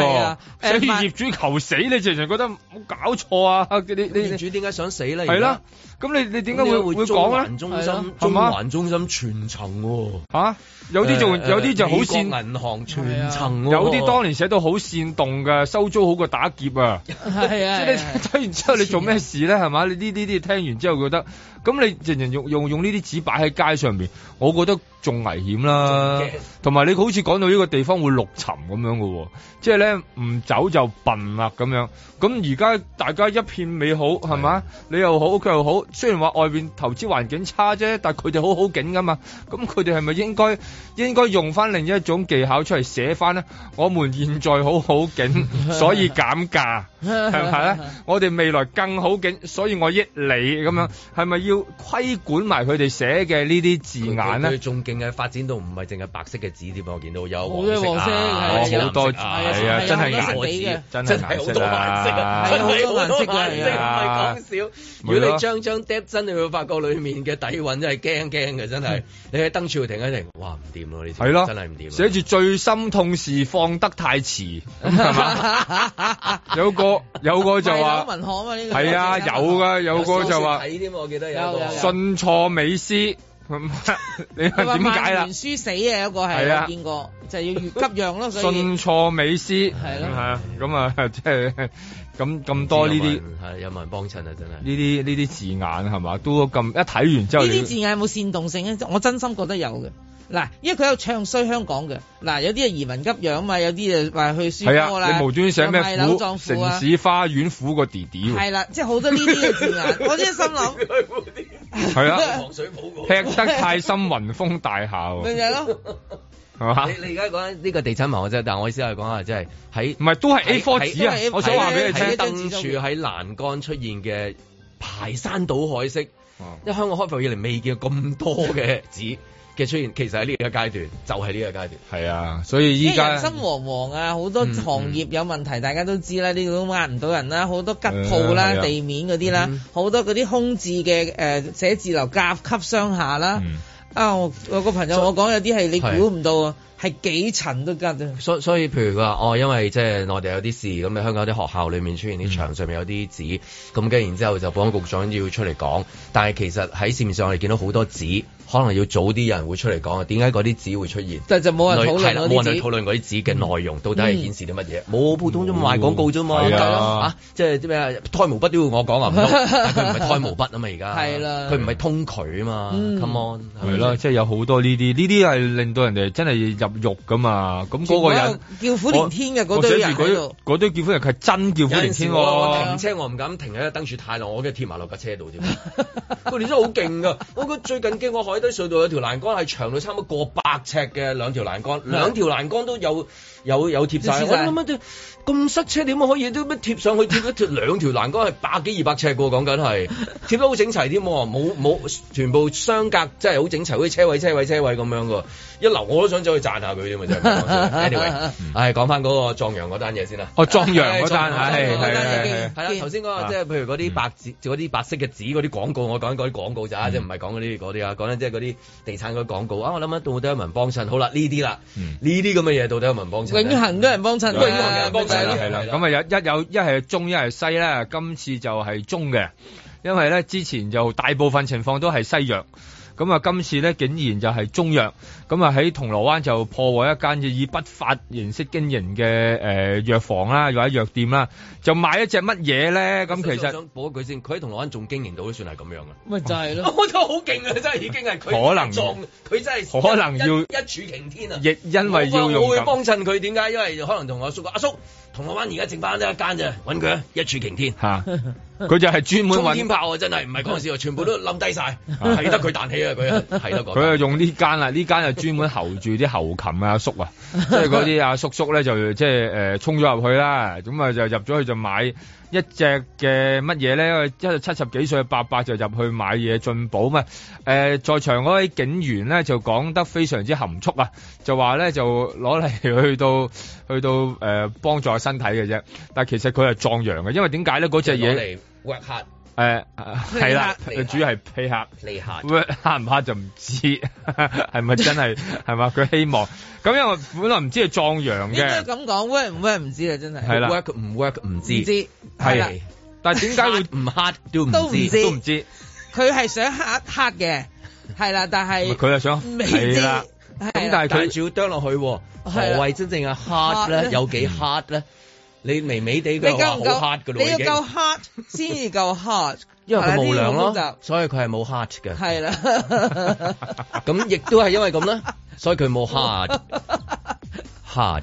啊、業主求死，你直情覺得冇搞錯啊？你業主點解想死咧？係啦在。咁你你點解會會講咧？中，環中心，環、啊、吧中，中心全層吓、哦啊，有啲仲、哎、呀有啲就好似銀行全層、哦哎，有啲當年寫到好煽動嘅，收租好過打劫！啊！係、哎、呀 啊！即係你睇完之後你做咩事咧？係嘛？你呢呢啲聽完之後覺得咁你日日用用用呢啲紙擺喺街上面，我覺得仲危險啦。同埋你好似講到呢個地方會陸沉，咁樣嘅，即係咧唔走就笨啦咁樣。咁而家大家一片美好係嘛？的你又好，屋、OK、企又好。雖然話外邊投資環境差啫，但佢哋好好景噶嘛，咁佢哋係咪應該應該用翻另一種技巧出嚟，寫翻呢？我們現在好好景，所以減價，係咪咧？我哋未來更好景，所以我益你咁樣，係咪要規管埋佢哋寫嘅呢啲字眼呢？仲勁啊！發展到唔係淨係白色嘅紙添，我見到有黃色，好多係啊，真係真係好多顏色，真係好多顏色，唔如果你張張。真你會發覺裡面嘅底蘊真係驚驚嘅，真係你喺燈柱度停一停，哇唔掂咯呢？係咯，真係唔掂。寫住最心痛時放得太遲，有個有個就話文學啊，呢個係啊，有㗎，有個就話睇添，我記得有個信錯美斯咁，你點解啦？輸死啊！一個係見過，就要越級讓咯。信錯美斯係咯，嚇咁啊，即係。咁咁多呢啲係有冇人幫襯啊，啊？真係呢啲呢啲字眼係嘛？都咁一睇完之後，呢啲字眼有冇煽動性咧？我真心覺得有嘅。嗱，因為佢有唱衰香港嘅。嗱，有啲係移民急養嘛，有啲誒話去宣佈啦、啊。你無端端寫咩？賣樓城市花園府過地點喎。係啦， 即係好多呢啲嘅字眼， 我真係心諗。係 啊，糖水冇過。得太深，雲風大廈咪就咯。Uh, 你而家講呢個地產話啫，但係我意思係講下，即係喺唔係都係 A 貨紙啊！A, 我想話俾你聽，棟住喺欄杆出現嘅排山倒海式，uh, 因為香港開埠以來未見咁多嘅紙嘅出現，其實喺呢個階段，就係、是、呢個階段。係啊，所以依家人心惶惶啊，好多行業有問題，嗯嗯、大家都知都啦，呢度都呃唔到人啦，好、嗯、多吉鋪、呃、啦、地面嗰啲啦，好多嗰啲空置嘅誒寫字樓、甲級商廈啦。啊！我我個朋友同我講，有啲係你估唔到啊，係是幾層都得啊。所所以，所以譬如佢話哦，因為即係內地有啲事，咁啊香港啲學校裏面出現啲牆上面有啲紙咁，跟然之後就保安局長要出嚟講。但係其實喺市面上我哋見到好多紙。可能要早啲有人會出嚟講啊，點解嗰啲紙會出現？但係就冇人討論嗰啲紙嘅內容，到底係顯示啲乜嘢？冇普通啫，賣廣告啫嘛，即係啲咩胎毛筆都要我講啊，唔通，佢唔係胎毛筆啊嘛，而家係啦，佢唔係通渠啊嘛，Come on，係咪咯？即係有好多呢啲，呢啲係令到人哋真係入獄噶嘛？咁嗰個人叫苦連天嘅嗰堆叫苦人係真叫苦連天喎！停車我唔敢停喺度，等住太耐，我驚貼埋落架車度添。佢哋真係好勁㗎！我覺得最近經過海。堆隧道有條欄杆，係長到差唔多過百尺嘅兩條欄杆，兩條欄杆都有。有有貼晒，我諗咁塞車點可以都乜貼上去貼一貼兩條欄杆係百幾二百尺嘅喎，講緊係貼得好整齊添，冇冇全部相隔，即係好整齊，好似車位車位車位咁樣嘅。一流我都想走去讚下佢添啊，真係。Anyway，唉，講翻嗰個壯陽嗰單嘢先啦。哦，壯陽嗰單，係係係係啦，頭先嗰個即係譬如嗰啲白紙，嗰啲白色嘅紙嗰啲廣告，我講緊嗰啲廣告咋，即唔係講嗰啲嗰啲啊？講緊即係嗰啲地產嗰啲廣告啊！我諗一到底有冇人幫襯？好啦，呢啲啦，呢啲咁嘅嘢到底有冇人幫襯？永恆都人幫幫襯啦，幫襯啦，係啦。咁啊，嗯、有一有一係中，一係西咧。今次就係中嘅，因為咧之前就大部分情況都係西藥。咁啊！今次咧竟然就係中藥，咁啊喺銅鑼灣就破獲一間以不法形式經營嘅誒、呃、藥房啦，或者藥店啦，就買一隻乜嘢咧？咁其實我想補一句先，佢喺銅鑼灣仲經營到都算係咁樣嘅。咪、嗯、就係、是、咯，我覺得好勁啊！真係已經係佢可能，佢真係可能要一柱擎天啊！亦因為要用我會幫襯佢，點解？因為可能同我阿叔阿叔。叔銅鑼灣而家剩翻得一間啫，揾佢一柱擎天嚇，佢、啊、就係專門揾衝天炮啊，真係唔係講笑，全部都冧低晒，係、啊、得佢彈起啊！佢啊，係得佢，佢就用呢間啊，呢 間就專門候住啲喉琴啊叔啊，即係嗰啲阿叔叔咧就即係誒衝咗入去啦，咁啊就入咗去就買。一隻嘅乜嘢咧，因為一係七十幾歲嘅伯伯就入去買嘢進補嘛。誒、呃，在場嗰位警員咧就講得非常之含蓄啊，就話咧就攞嚟，去到去到誒幫、呃、助身體嘅啫。但係其實佢係壯陽嘅，因為點解咧？嗰隻嘢。嚟。誒，係啦，佢主要係合，客，會黑唔黑就唔知，係咪真係係嘛？佢希望咁，因為可能唔知係壯陽嘅，咁講 work 唔 work 唔知啦，真係，work 唔 work 唔知，係但係點解會唔 hard 都唔知，都唔知，佢係想 hard hard 嘅，係啦，但係佢係想未知，咁但係佢主要啄落去，何謂真正嘅 hard 咧？有幾 hard 咧？你微微地嘅話，你要夠 hard 先至夠 hard，因為佢無良咯，所以佢係冇 heart 嘅。係啦，咁亦都係因為咁啦，所以佢冇 hard。hard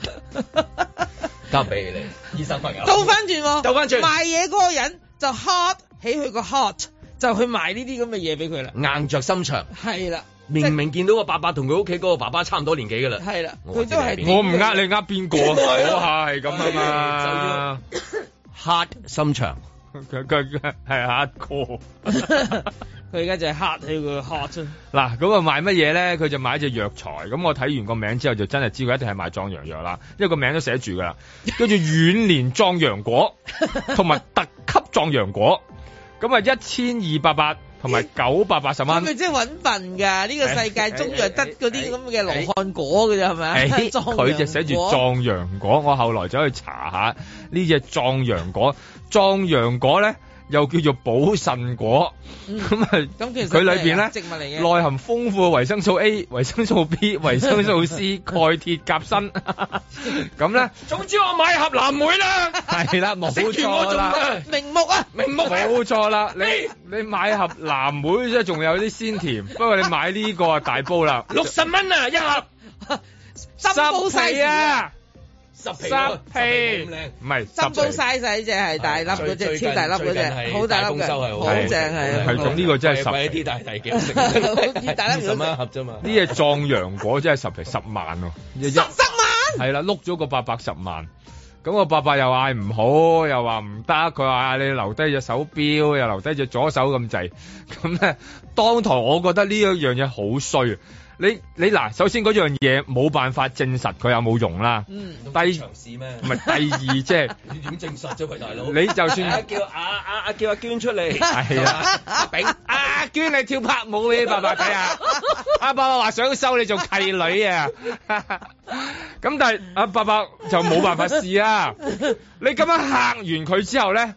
交俾你，醫生朋友。倒翻轉喎，倒翻轉。賣嘢嗰個人就 hard 起佢個 heart，就去賣呢啲咁嘅嘢俾佢啦。硬着心腸係啦。明明見到個爸爸同佢屋企嗰個爸爸差唔多年紀噶啦，係啦的，佢都係我唔呃你呃邊個？我下係咁啊嘛，黑 心腸，佢佢佢係黑佢而家就係黑起個 heart 嗱，咁啊賣乜嘢咧？佢 就賣一隻藥材。咁我睇完個名之後，就真係知佢一定係賣壯陽藥啦，因為個名都寫住噶啦。跟住遠年壯陽果同埋 特級壯陽果，咁啊一千二百八。同埋九百八十蚊，咁佢真係揾笨噶！呢、這個世界中藥得嗰啲咁嘅羅漢果嘅啫，係咪？佢就寫住壯陽果，我後來走去查下呢隻壯陽果，壯陽果咧。又叫做補腎果，咁啊，佢裏邊咧，植物嚟嘅，內含豐富嘅維生素 A、維生素 B、維生素 C、鈣、鐵、鉀、鋅，咁咧。總之我買盒藍莓啦，係啦，冇錯啦，明目啊，明目，冇錯啦，你你買盒藍莓即係仲有啲鮮甜，不過你買呢個啊大煲啦，六十蚊，啊一盒，十倍啊！十三，咁唔係心都晒晒，呢隻係大粒嗰隻，超大粒嗰隻，好大粒嘅，好正係。係就呢個真係十皮，大粒，大粒，十蚊盒啫嘛。呢嘢壯陽果真係十皮十萬哦，十萬係啦，碌咗個八百十萬，咁個八百又話唔好，又話唔得，佢話你留低隻手錶，又留低隻左手咁滯，咁咧當堂我覺得呢一樣嘢好衰。你你嗱，首先嗰樣嘢冇辦法證實佢有冇用啦。嗯，第， 第二、就係，嘗試咩？唔係第二即係。點證實啫？佢大佬，你就算、啊、叫阿阿阿叫阿娟出嚟，係 啊，炳阿、 啊、娟你跳拍舞嘅，伯伯睇啊，阿伯伯話想收你做契女啊。咁 但係阿伯伯就冇辦法試啊。你咁樣嚇完佢之後咧，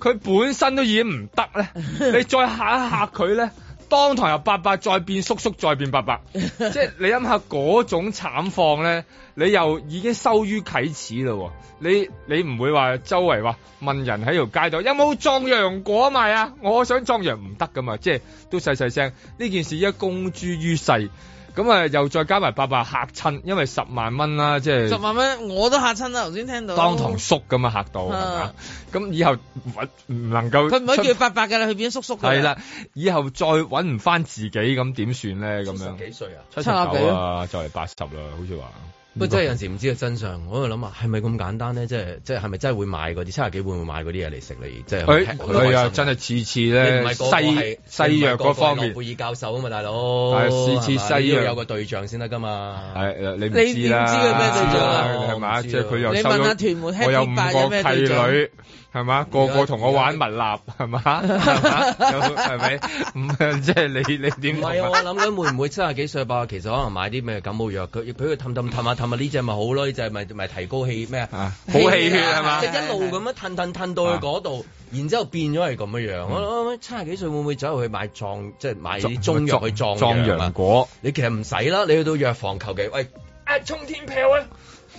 佢本身都已經唔得咧，你再嚇一嚇佢咧。 當堂由伯伯再變叔叔再變伯伯， 即係你諗下嗰種慘況咧，你又已經羞於啟齒啦。你你唔會話周圍話問人喺條街度有冇壯陽果賣啊？我想壯陽唔得噶嘛，即係都細細聲呢件事一公諸於世。咁啊、嗯，又再加埋伯伯吓親，因為十萬蚊啦，即係十萬蚊，我都嚇親啦，頭先聽到。當堂叔咁啊嚇到，係咪啊？咁吧、嗯、以後揾唔能夠，佢唔可以叫伯伯噶啦，佢變咗叔叔。係啦，以後再揾唔返自己咁點算咧？咁樣七十幾歲啊，七十九啊，就嚟八十啦、啊啊，好似話。不過真係有陣時唔知個真相，我喺度諗啊，係咪咁簡單咧？即係即係，係咪真係會買嗰啲七十幾會唔會買嗰啲嘢嚟食咧？即係佢係啊！真係次次咧西西藥嗰方面，諾貝爾教授啊嘛，大佬。係次次西藥有個對象先得噶嘛？你唔？你點知佢咩對象？係嘛？即係佢又收咗我有五個契女。係嘛，個個同我玩物納，係嘛為，係咪？唔即係你你點？唔係啊，我諗緊會唔會七廿幾歲吧。其實可能買啲咩感冒藥，佢佢佢氹氹氹下氹下呢隻咪好咯？呢隻咪咪提高氣咩啊？好氣血係嘛？一路咁樣氹氹氹到去嗰度，啊、然之後變咗係咁樣樣。嗯、我諗七廿幾歲會唔會走入去買壯，即係買中藥去壯壯陽果？你其實唔使啦，你去到藥房求其喂。沖天票啊。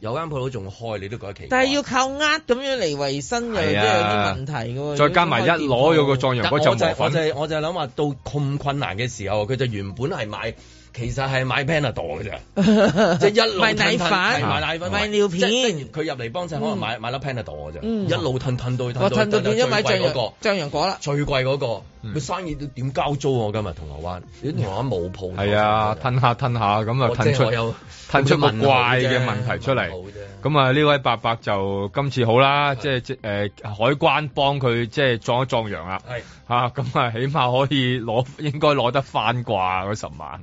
有間鋪頭仲開，你都覺得奇怪。但係要靠呃咁樣嚟維生，又都、啊、有啲問題嘅。再加埋一攞咗個壯陽龜就麻煩，就是就是。我就是，我就諗話到咁困難嘅時候，佢就原本係買。其實係買 Panadol 嘅啫，即係一路吞吞，賣奶粉、賣尿片，佢入嚟幫襯，可能買買粒 Panadol 嘅啫，一路吞吞到，我吞到變咗買象牙果，象牙果啦，最貴嗰個，佢生意都點交租啊？今日銅鑼灣，啲銅鑼灣冇鋪。係啊，吞下吞下咁啊，吞出吞出古怪嘅問題出嚟。咁啊，呢位伯伯就今次好啦，即係即係海關幫佢即係撞一撞洋啦。係咁啊，起碼可以攞應該攞得翻啩嗰十萬。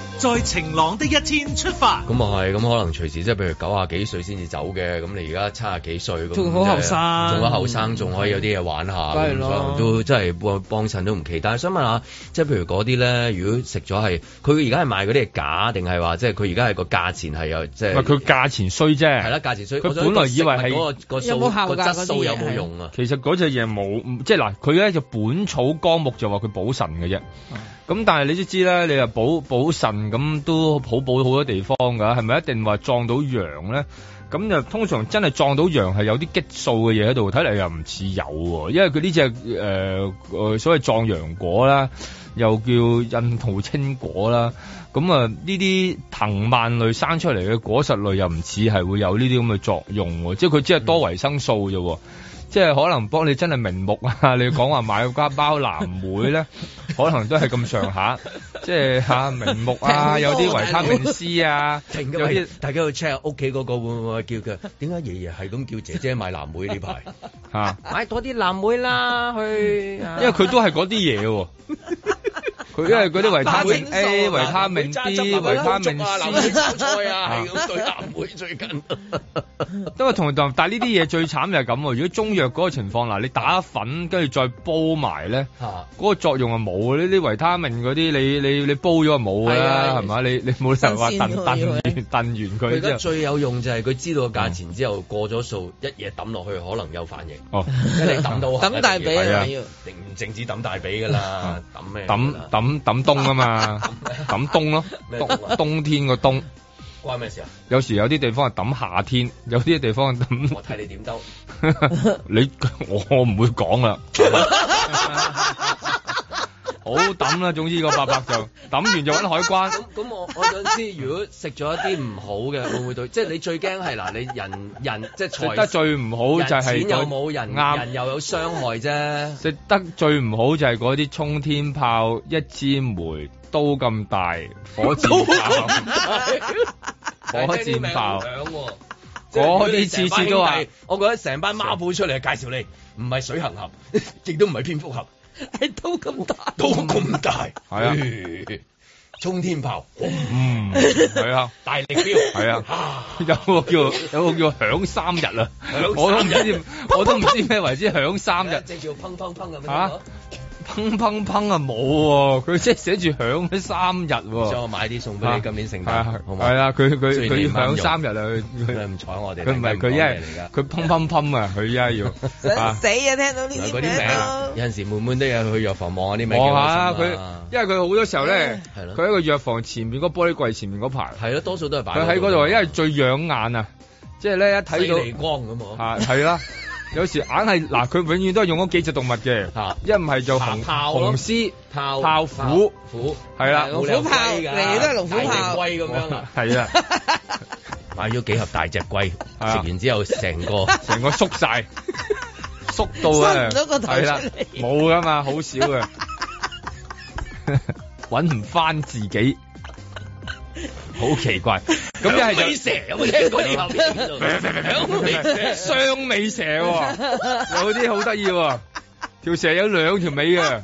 在晴朗的一天出發。咁啊係，咁可能隨時即係譬如九廿幾歲先至走嘅，咁你而家七廿幾歲，仲好後生，仲有後生，仲可以有啲嘢玩下。都真係幫幫襯都唔奇。但係想問下，即係譬如嗰啲咧，如果食咗係，佢而家係賣嗰啲係假定係話，即係佢而家係個價錢係有即係。佢價錢衰啫，係啦價錢衰。佢本來以為係、嗰個是個數個質素有冇用啊？其實嗰隻嘢冇，即係嗱，佢咧就《本草綱目》就話佢補神嘅啫。咁但係你都知啦，你又補補腎咁都好補好多地方㗎，係咪一定話撞到陽咧？咁就通常真係撞到陽係有啲激素嘅嘢喺度，睇嚟又唔似有喎。因為佢呢隻誒所謂壯陽果啦，又叫印度青果啦，咁啊呢啲藤蔓類生出嚟嘅果實類又唔似係會有呢啲咁嘅作用喎，即係佢只係多維生素啫。即係可能幫你真係明目啊！你講話買嗰包藍莓咧， 可能都係咁上下。即係嚇、啊、明目啊， 有啲維他命 C 啊，啲大家去 check 屋企嗰個會唔會叫佢？點解爺爺係咁叫姐姐買藍莓呢排嚇？買多啲藍莓啦，去。因為佢都係嗰啲嘢喎。 佢因為嗰啲維他命 A、維他命 B、維他命 C，南美蔬菜啊，咁對南美最近。都係同但係呢啲嘢最慘就係咁喎，如果中藥嗰個情況嗱，你打粉跟住再煲埋咧，嗰個作用係冇嘅。呢啲維他命嗰啲，你你你煲咗係冇㗎啦，係咪？你你冇理由話燉燉完佢。而家最有用就係佢知道個價錢之後過咗數，一夜抌落去可能有反應。哦，一嚟抌到抌大髀啊！要唔淨止抌大髀㗎啦，抌咩？抌抌。抌冬啊嘛，抌冬咯，冬天個冬，冬冬關咩事啊？有時有啲地方係抌夏天，有啲地方係抌。 我睇你點兜？你我我唔會講啦。 好抌啦，總之個八百就抌完就揾海關。咁咁我我想知，如果食咗一啲唔好嘅，會唔會對？即係你最驚係嗱，你人人即係食得最唔好就係錢又冇人，人又有傷害啫。食得最唔好就係嗰啲沖天炮、一枝梅、刀咁大、火箭炮、火箭炮，嗰啲次次都係，我覺得成班孖寶出嚟介紹你，唔係水行俠，亦都唔係蝙蝠俠。都咁大，都咁大，係啊，衝天炮，嗯，係啊，大力鏢，係啊，有個叫有個叫響三日啊， 日 我都唔知 我都唔知咩為之響三日，即係 叫砰砰砰咁樣咯。 啊砰砰砰啊，冇喎，佢即係寫住響三日喎，再買啲送俾你今年聖誕，係啊，佢佢佢響三日啊，佢唔睬我哋，佢唔係佢一嚟係佢砰砰砰啊，佢一用要，死啊，聽到呢啲名，有陣時悶悶都有去藥房望下啲名，佢，因為佢好多時候咧，佢喺個藥房前面嗰玻璃櫃前面嗰排，係咯，多數都係擺，佢喺嗰度，因為最養眼啊，即係咧一睇到光咁啊，係啦。有時硬係嗱，佢永遠都係用嗰幾隻動物嘅，一唔係就紅紅獅、豹、虎、虎，係啦，龍虎豹你都係龍虎豹，龜咁樣啦，係啊，買咗幾盒大隻龜，食完之後成個成個縮晒，縮到係啦，冇噶嘛，好少嘅，搵唔翻自己。好奇怪，咁一係蛇，有冇聽過雙尾蛇？有啲好得意條蛇有兩條尾嘅，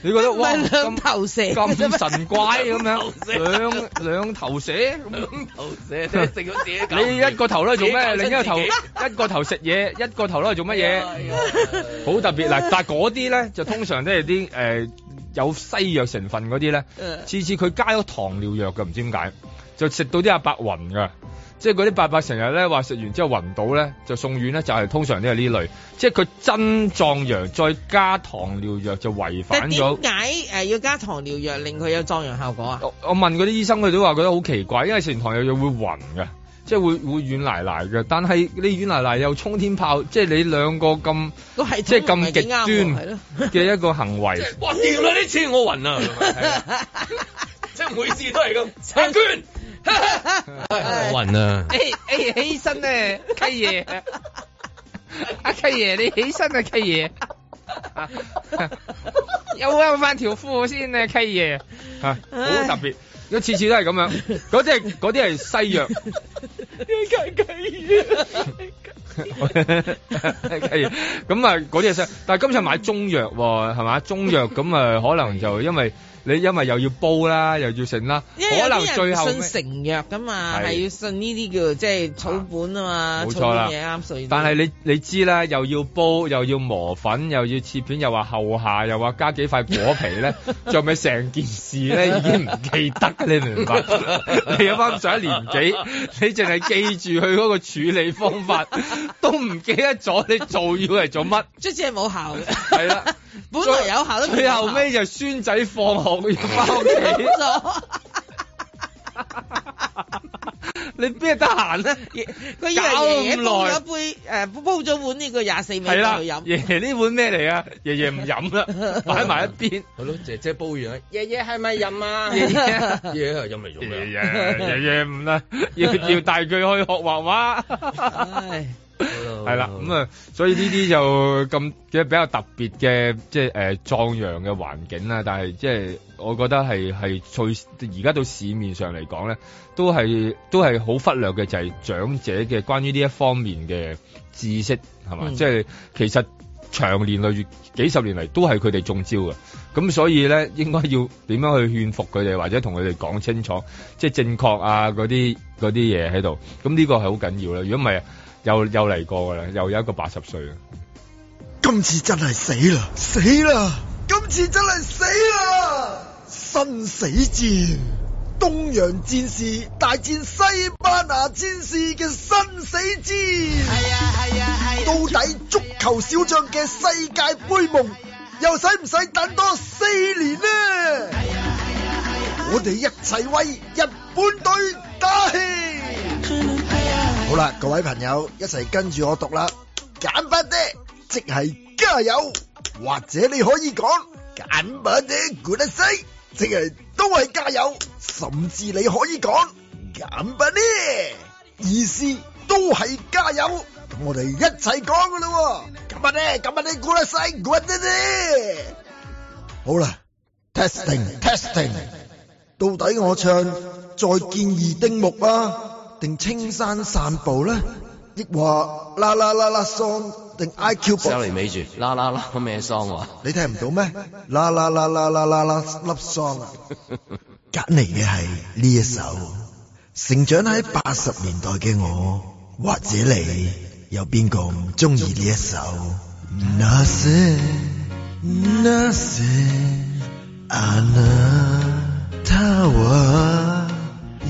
你覺得哇？兩頭蛇咁神怪咁樣，兩兩頭蛇，兩頭蛇，成個你一個頭咧做咩？另一個頭一個頭食嘢，一個頭攞嚟做乜嘢？好特別嗱，但係啲咧就通常都係啲誒。有西藥成分嗰啲咧，呃、次次佢加咗糖尿藥嘅，唔知點解就食到啲阿伯暈嘅，即係嗰啲伯伯成日咧，話食完之後暈到咧，就送院咧就係通常都係呢類，即係佢真壯陽再加糖尿藥就違反咗。點解，誒要加糖尿藥令佢有壯陽效果啊？我我問嗰啲醫生佢都話覺得好奇怪，因為食完糖尿藥會暈嘅。即係會會軟瀨瀨嘅，但係你軟瀨瀨又衝天炮，即係你兩個咁，都即係咁極端嘅一個行為。哇！掂啦呢次我暈啊！即係每次都係咁。阿娟，我暈啊！誒誒、 哎哎，起身咧，契爺，阿契爺，你起身爺啊，契、啊、爺，又溝翻條褲先咧，契、啊、爺，好、啊、特別。次次都係咁樣，嗰啲係啲係西藥，雞雞咁啊，嗰啲係西藥，但係今次買中藥喎，係嘛？中藥咁啊，可能就因為。你因為又要煲啦，又要食啦，可能最後信成藥噶嘛，係的要信呢啲叫即係、就是、草本啊嘛，冇錯啦，草本嘢啱，但係你你知啦，又要煲，又要磨粉，又要切片，又話後下，又話加幾塊果皮咧，仲咪成件事咧已經唔記得你明白 你？你有返上一年紀，你淨係記住佢嗰個處理方法，都唔記得咗你做要嚟做乜？即係冇效嘅。啦。 本來有效，佢後尾就孫仔放學要翻屋企。咗。冇錯。你邊得閒咧？佢因為爺爺煲咗杯誒，煲咗碗呢個廿四味就飲。爺爺呢碗咩嚟啊？爺爺唔飲啦，擺埋一邊。好咯，姐姐煲完，爺爺係咪飲啊？爺爺，爺爺又飲嚟咗。爺爺，爺爺唔啦，要要帶佢去學畫畫。係啦，咁啊、 嗯，所以呢啲就咁嘅比較特別嘅，即係誒壯陽嘅環境啦。但係即係我覺得係係在而家到市面上嚟講咧，都係都係好忽略嘅，就係長者嘅關於呢一方面嘅知識係嘛？即係、嗯就係、其實長年累月幾十年嚟都係佢哋中招嘅。咁所以咧，應該要點樣去勸服佢哋，或者同佢哋講清楚，即係正確啊嗰啲嗰啲嘢喺度。咁呢個係好緊要啦。如果唔係，又又嚟過噶啦，又有一個八十歲啦。今次真係死啦，死啦！今次真係死啦！生死戰，東洋戰士大戰西班牙戰士嘅生死戰。係啊係啊係！到底足球小將嘅世界杯夢又使唔使等多四年呢？係啊係啊係！我哋一齊為日本隊打氣！好啦，各位朋友一齊跟住我讀啦，簡不呢？即係加油，或者你可以講簡不呢？good sir，即係都係加油，甚至你可以講簡不呢？意思都係加油，咁我哋一齊講噶啦，簡不呢？簡不你 good sir，good sir。好啦，testing testing，到底我唱再見二丁目啊？定青山散步咧，抑或啦啦啦啦 song 定 IQ。收嚟尾住啦啦啦咩 song 喎？你聽唔到咩？啦啦啦啦啦啦啦粒桑、啊。隔籬嘅係呢一首，成長喺八十年代嘅我或者你，有邊個唔中意呢一首？那些那些啊那他我。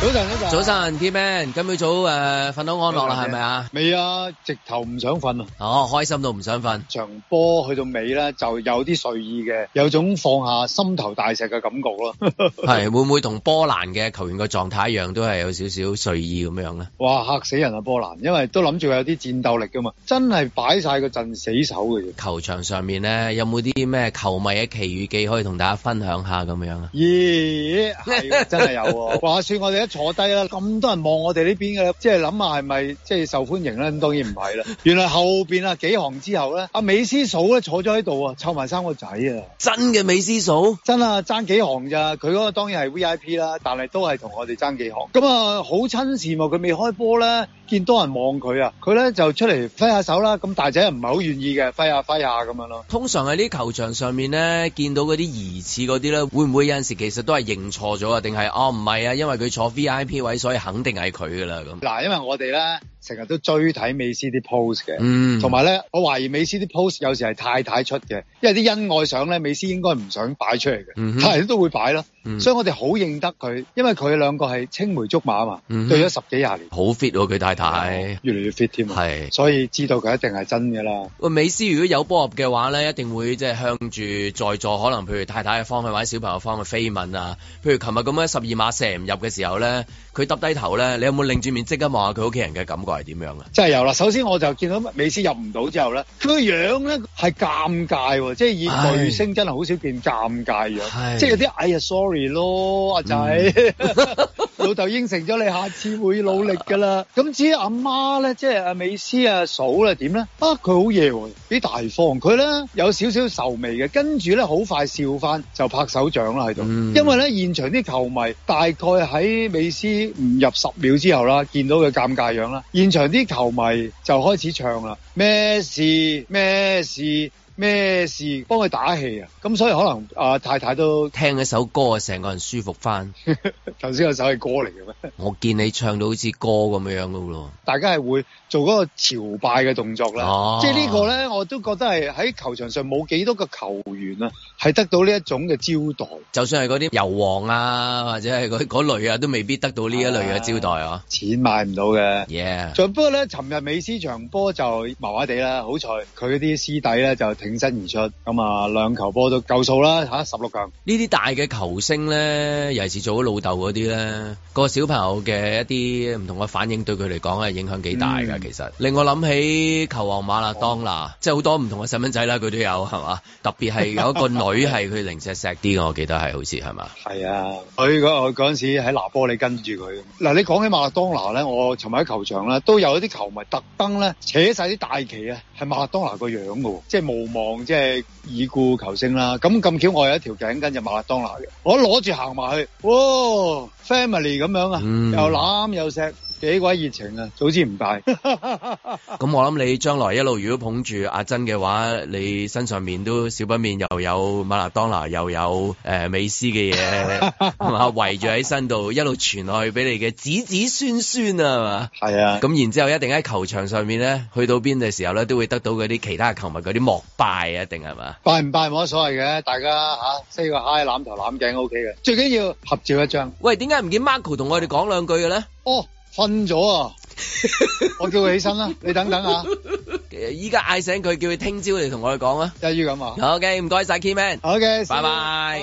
早晨啊，早晨，K Man，今朝早誒，瞓、呃、到安樂啦，係咪啊？未啊，直頭唔想瞓啊！哦，開心到唔想瞓。場波去到尾咧，就有啲睡意嘅，有種放下心頭大石嘅感覺咯。係 會唔會同波蘭嘅球員個狀態一樣，都係有少少睡意咁樣咧？哇，嚇死人啊！波蘭，因為都諗住有啲戰鬥力噶嘛，真係擺晒個陣死手嘅。球場上面咧，有冇啲咩球迷嘅奇遇記可以同大家分享下咁樣啊？咦，係真係有，話說我哋坐低啦，咁多人望我哋呢邊嘅，即係諗下係咪即係受歡迎咧？咁當然唔係啦。 原來後邊啊幾行之後咧，阿美斯嫂咧坐咗喺度啊，湊埋三個仔啊，真嘅美斯嫂，真啊爭幾行咋？佢嗰個當然係 VIP 啦，但係都係同我哋爭幾行。咁啊好親善喎，佢未開波啦。見到人望佢啊，佢咧就出嚟揮下手啦。咁大仔又唔係好願意嘅，揮下揮下咁樣咯。通常喺啲球場上面咧，見到嗰啲疑似嗰啲咧，會唔會有陣時其實都係認錯咗啊？定係哦唔係啊？因為佢坐 VIP 位，所以肯定係佢噶啦咁。嗱，因為我哋咧。成日都追睇美斯啲 post 嘅，嗯，同埋咧，我懷疑美斯啲 post 有時係太太出嘅，因為啲恩愛相咧，美斯應該唔想擺出嚟嘅，但係都會擺咯。所以我哋好認得佢，因為佢兩個係青梅竹馬啊嘛，對咗十幾廿年。好 fit 喎佢太太，越嚟越 fit 添啊，係，所以知道佢一定係真嘅啦。喂，美斯如果有波嘅話咧，一定會即係向住在座，可能譬如太太嘅方向或者小朋友方向飛吻啊。譬如琴日咁樣十二碼射唔入嘅時候咧，佢揼低頭咧，你有冇擰住面即刻望下佢屋企人嘅感？係點樣咧？真係有啦。首先我就見到美斯入唔到之後咧，佢個樣咧係尷尬，即係以巨星真係好少見尷尬樣，唉 即係有啲哎呀 sorry 咯，阿仔，嗯、 老豆應承咗你下次會努力噶啦。咁、啊、至於阿媽咧，即係阿美斯阿嫂咧點咧？啊，佢好嘢喎，幾大方。佢咧有少少愁眉嘅，跟住咧好快笑返，就拍手掌啦喺度。嗯、因為咧現場啲球迷大概喺美斯唔入十秒之後啦，見到佢尷尬樣啦。現場啲球迷就開始唱啦，咩事咩事？咩事？幫佢打氣啊！咁所以可能啊、呃、太太都聽一首歌啊，成個人舒服返。頭先嗰首係歌嚟嘅咩？我見你唱到好似歌咁樣樣嘅喎。大家係會做嗰個朝拜嘅動作啦。啊、即係呢個咧，我都覺得係喺球場上冇幾多個球員啊，係得到呢一種嘅招待。就算係嗰啲油王啊，或者係嗰類啊，都未必得到呢一類嘅招待啊。啊，錢買唔到嘅。Yeah. 不過咧，尋日美斯場波就麻麻地啦，好彩佢啲師弟咧就挺身而出，咁啊兩球波都夠數啦吓，十六個。呢啲大嘅球星咧，尤其是做咗老豆嗰啲咧，個小朋友嘅一啲唔同嘅反應對佢嚟講係影響幾大噶。嗯、其實令我諗起球王馬勒當拿，哦、多納，即係好多唔同嘅細蚊仔啦，佢都有係嘛。特別係有一個女係佢零舍錫啲嘅， 我記得係好似係嘛。係啊，佢嗰嗰陣時喺拿波里跟住佢。嗱，你講起馬勒當拿咧，我尋日喺球場咧，都有一啲球迷特登咧扯晒啲大旗啊！係馬拉當拿個樣噶，即係無望，即係已故球星啦。咁咁巧，我有一條頸巾就馬拉當拿嘅，我攞住行埋去，哇，family 咁樣啊，又攬又錫，幾鬼熱情啊！早知唔帶。咁、嗯、 我諗你將來一路如果捧住阿珍嘅話，你身上面都少不免又有馬拉當拿，又有誒美斯嘅嘢，圍住喺身度，一路傳落去俾你嘅子子孫孫啊，係嘛？係啊。咁、啊啊、然之後，後一定喺球場上面咧，去到邊嘅時候咧，都會。得到嗰啲其他球迷嗰啲膜拜啊，一定係嘛？拜唔拜冇乜所謂嘅，大家嚇、啊、四個嗨攬頭攬頸 O K 嘅，最緊要合照一張。喂，點解唔見 Marco 同我哋講兩句嘅咧？哦，瞓咗啊！我叫佢起身啦，你等等啊！依家嗌醒佢，叫佢聽朝嚟同我哋講啊！又要咁啊？OK，唔該晒 k i m m n o k 拜拜。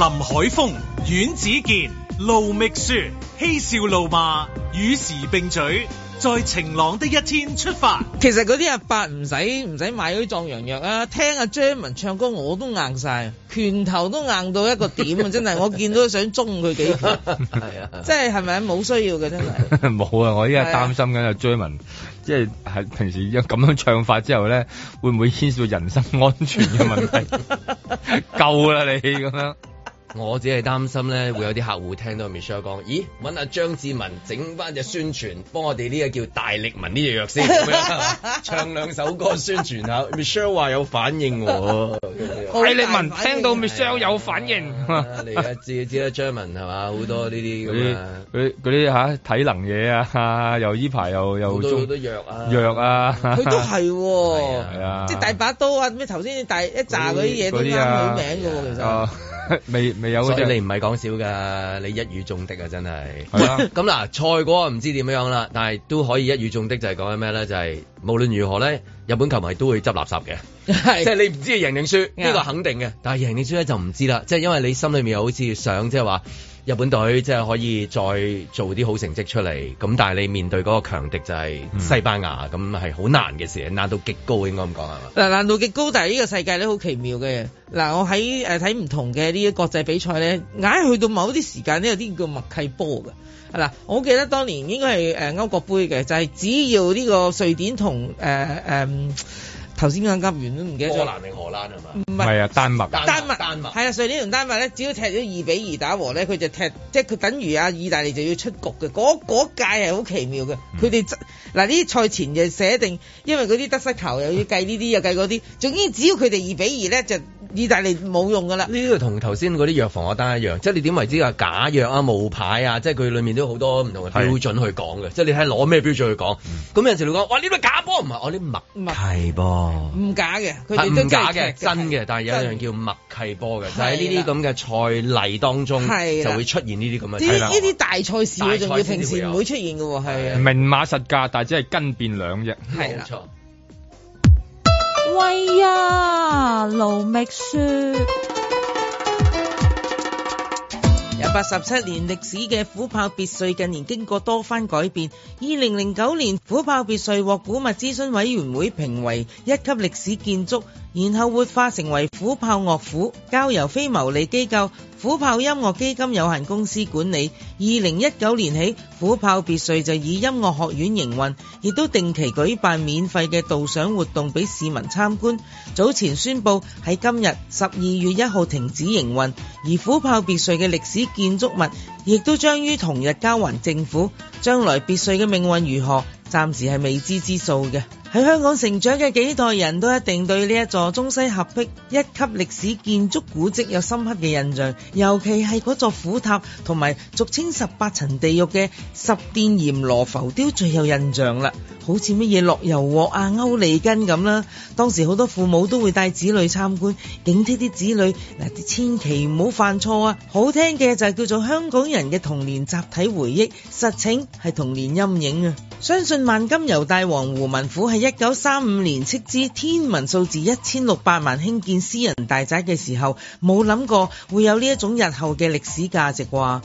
林海峰、阮子健、盧覓雪嬉笑怒罵與時並舉，在晴朗的一天出發。其實嗰啲阿伯唔使唔使買嗰啲壯陽藥啊！聽阿 Jermen 唱歌我都硬晒，拳頭都硬到一個點啊！真係我見到想中佢幾拳，即係係咪冇需要嘅真係冇 啊！我依家擔心緊阿 Jermen，即係喺平時咁樣唱法之後咧，會唔會牽涉到人身安全嘅問題？夠啦 你咁樣！我只係擔心咧，會有啲客戶聽到 Michelle 講，咦？揾阿張志文整返隻宣傳，幫我哋呢個叫大力文呢隻藥先，唱兩首歌宣傳下。Michelle 話有反應喎，大力文聽到 Michelle 有反應。你而家知唔知啊？張文係嘛？好多呢啲嗰啲啲嚇體能嘢啊，又依排又又做好多藥啊，藥啊，佢都係，係啊，即係大把刀啊，咩頭先大一紮嗰啲嘢都啱佢名嘅喎，其實。 未未有，所以你唔係講笑嘅，你一語中的啊，真係係啦，咁嗱是、啊， 賽果唔知點樣啦，但係都可以一語中的就，就係講緊咩咧？就係無論如何咧，日本球迷都會執垃圾嘅，即係你唔知贏定輸呢個肯定嘅。但係贏定輸咧就唔知啦，即係因為你心裏面又好似想即係話。日本隊即係可以再做啲好成績出嚟，咁但係你面對嗰個強敵就係西班牙，咁係好難嘅事，難度極高應該咁講係嘛？嗱，難度極高，但係呢個世界咧好奇妙嘅，嗱，我喺誒睇唔同嘅呢啲國際比賽咧，硬係去到某啲時間咧有啲叫默契波嘅，嗱，我記得當年應該係誒歐國杯嘅，就係、是、只要呢個瑞典同誒誒。呃呃頭先啱啱完都唔記得咗，波蘭定荷蘭係嘛？唔係，係啊是，是丹麥，丹麥，丹麥係啊。上年同丹麥咧，只要踢咗二比二打和咧，佢就踢，即係佢等於啊，意大利就要出局嘅。嗰嗰屆係好奇妙嘅，佢哋嗱呢啲賽前就寫定，因為嗰啲得失球又要計呢啲 又計嗰啲，總之只要佢哋二比二咧就。意大利冇用噶啦！呢個同頭先嗰啲藥房我單一樣，即係你點為之話假藥啊、冒牌啊，即係佢裡面都好多唔同嘅標準去講嘅，即係你睇攞咩標準去講。咁有陣時你講哇，呢啲假波唔係，我啲麥契波，唔假嘅，佢都真嘅，真嘅，但係有一樣叫麥契波嘅，就喺呢啲咁嘅賽例當中就會出現呢啲咁嘅。呢啲呢啲大賽事會仲要平時唔會出現嘅喎，係明碼實價，但係只係跟變兩隻。係啦。喂、哎、呀！盧覓雪。有八十七年歷史嘅虎豹別墅，近年經過多番改變。二零零九年，虎豹別墅獲古物諮詢委員會評為一級歷史建築。然後活化成為虎豹樂府，交由非牟利機構虎豹音樂基金有限公司管理。二零一九年起，虎豹別墅就以音樂學院營運，亦都定期舉辦免費嘅導賞活動俾市民參觀。早前宣布喺今日十二月一號停止營運，而虎豹別墅嘅歷史建築物亦都將於同日交還政府。將來別墅嘅命運如何，暫時係未知之數嘅。喺香港成長嘅幾代人都一定對呢一座中西合璧一級歷史建築古蹟有深刻嘅印象，尤其係嗰座虎塔同埋俗稱十八層地獄嘅十殿閻羅浮雕最有印象啦。好似乜嘢落油鑊啊、歐利根咁啦。當時好多父母都會帶子女參觀，警惕啲子女嗱，千祈唔好犯錯啊。好聽嘅就係叫做香港人嘅童年集體回憶，實情。係童年陰影啊！相信萬金油大王胡文虎喺一九三五年斥資天文數字一千六百萬興建私人大宅嘅時候，冇諗過會有呢一種日後嘅歷史價值啩。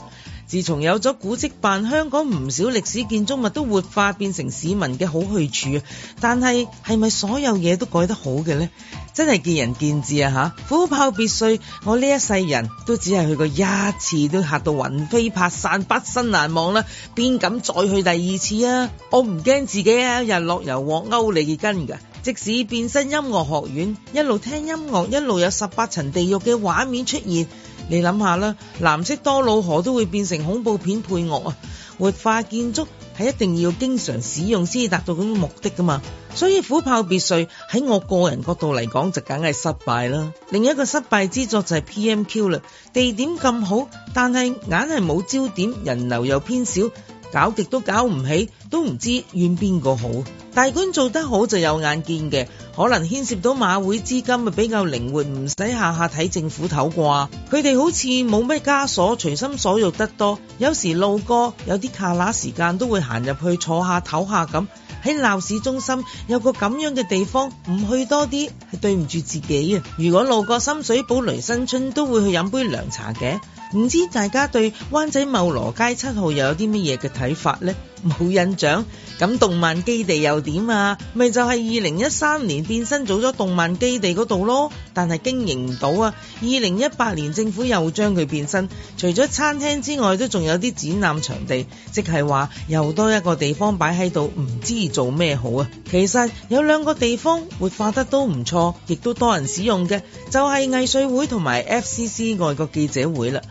自從有咗古蹟辦，香港唔少歷史建築物都活化變成市民嘅好去處。但係係咪所有嘢都改得好嘅呢？真係見仁見智啊！吓、啊，虎豹別墅，我呢一世人都只係去過一次，都吓到魂飛魄散、畢生難忘啦，邊敢再去第二次啊？我唔驚自己有一日落油鑊勾你嘅根㗎。即使變身音樂學院，一路聽音樂，一路有十八層地獄嘅畫面出現。你諗下啦，藍色多瑙河都會變成恐怖片配樂啊！活化建築係一定要經常使用先達到咁嘅目的噶嘛，所以虎豹別墅喺我個人角度嚟講就梗係失敗啦。另一個失敗之作就係 PMQ 啦，地點咁好，但係硬係冇焦點，人流又偏少，搞極都搞唔起，都唔知怨邊個好。大官做得好就有眼見嘅，可能牽涉到馬會資金咪比較靈活，唔使下下睇政府頭啩。佢哋好似冇咩枷鎖，隨心所欲得多。有時路過，有啲卡嗱時間都會行入去坐下唞下咁。喺鬧市中心有個咁樣嘅地方，唔去多啲係對唔住自己啊！如果路過深水埗雷生春，都會去飲杯涼茶嘅。唔知大家對灣仔茂羅街七號又有啲乜嘢嘅睇法呢？冇印象，咁動漫基地又點啊？咪就係二零一三年變身做咗動漫基地嗰度咯，但係經營唔到啊！二零一八年政府又將佢變身，除咗餐廳之外，都仲有啲展覽場地，即係話又多一個地方擺喺度，唔知做咩好啊！其實有兩個地方活化得都唔錯，亦都多人使用嘅，就係藝穗會同埋 FCC 外國記者會啦。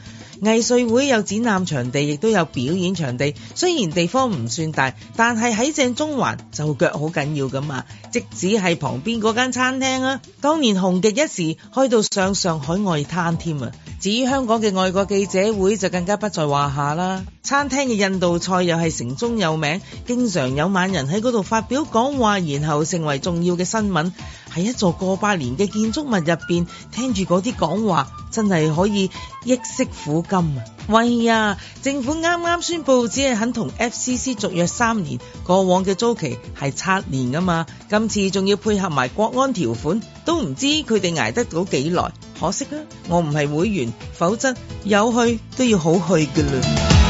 藝穗會有展覽場地，亦都有表演場地。雖然地方唔算大，但係喺正中環就腳好緊要噶嘛。即使係旁邊嗰間餐廳啊，當年紅極一時，開到上上海外灘添啊。至於香港嘅外國記者會就更加不在話下啦。餐廳嘅印度菜又係城中有名，經常有晚人喺嗰度發表講話，然後成為重要嘅新聞。喺一座過百年嘅建築物入邊聽住嗰啲講話，真係可以憶昔撫今啊！喂呀，政府啱啱宣布，只係肯同 FCC 續約三年，過往嘅租期係七年噶嘛，今次仲要配合埋國安條款，都唔知佢哋捱得到幾耐。可惜啊，我唔係會員，否則有去都要好去嘅嘞。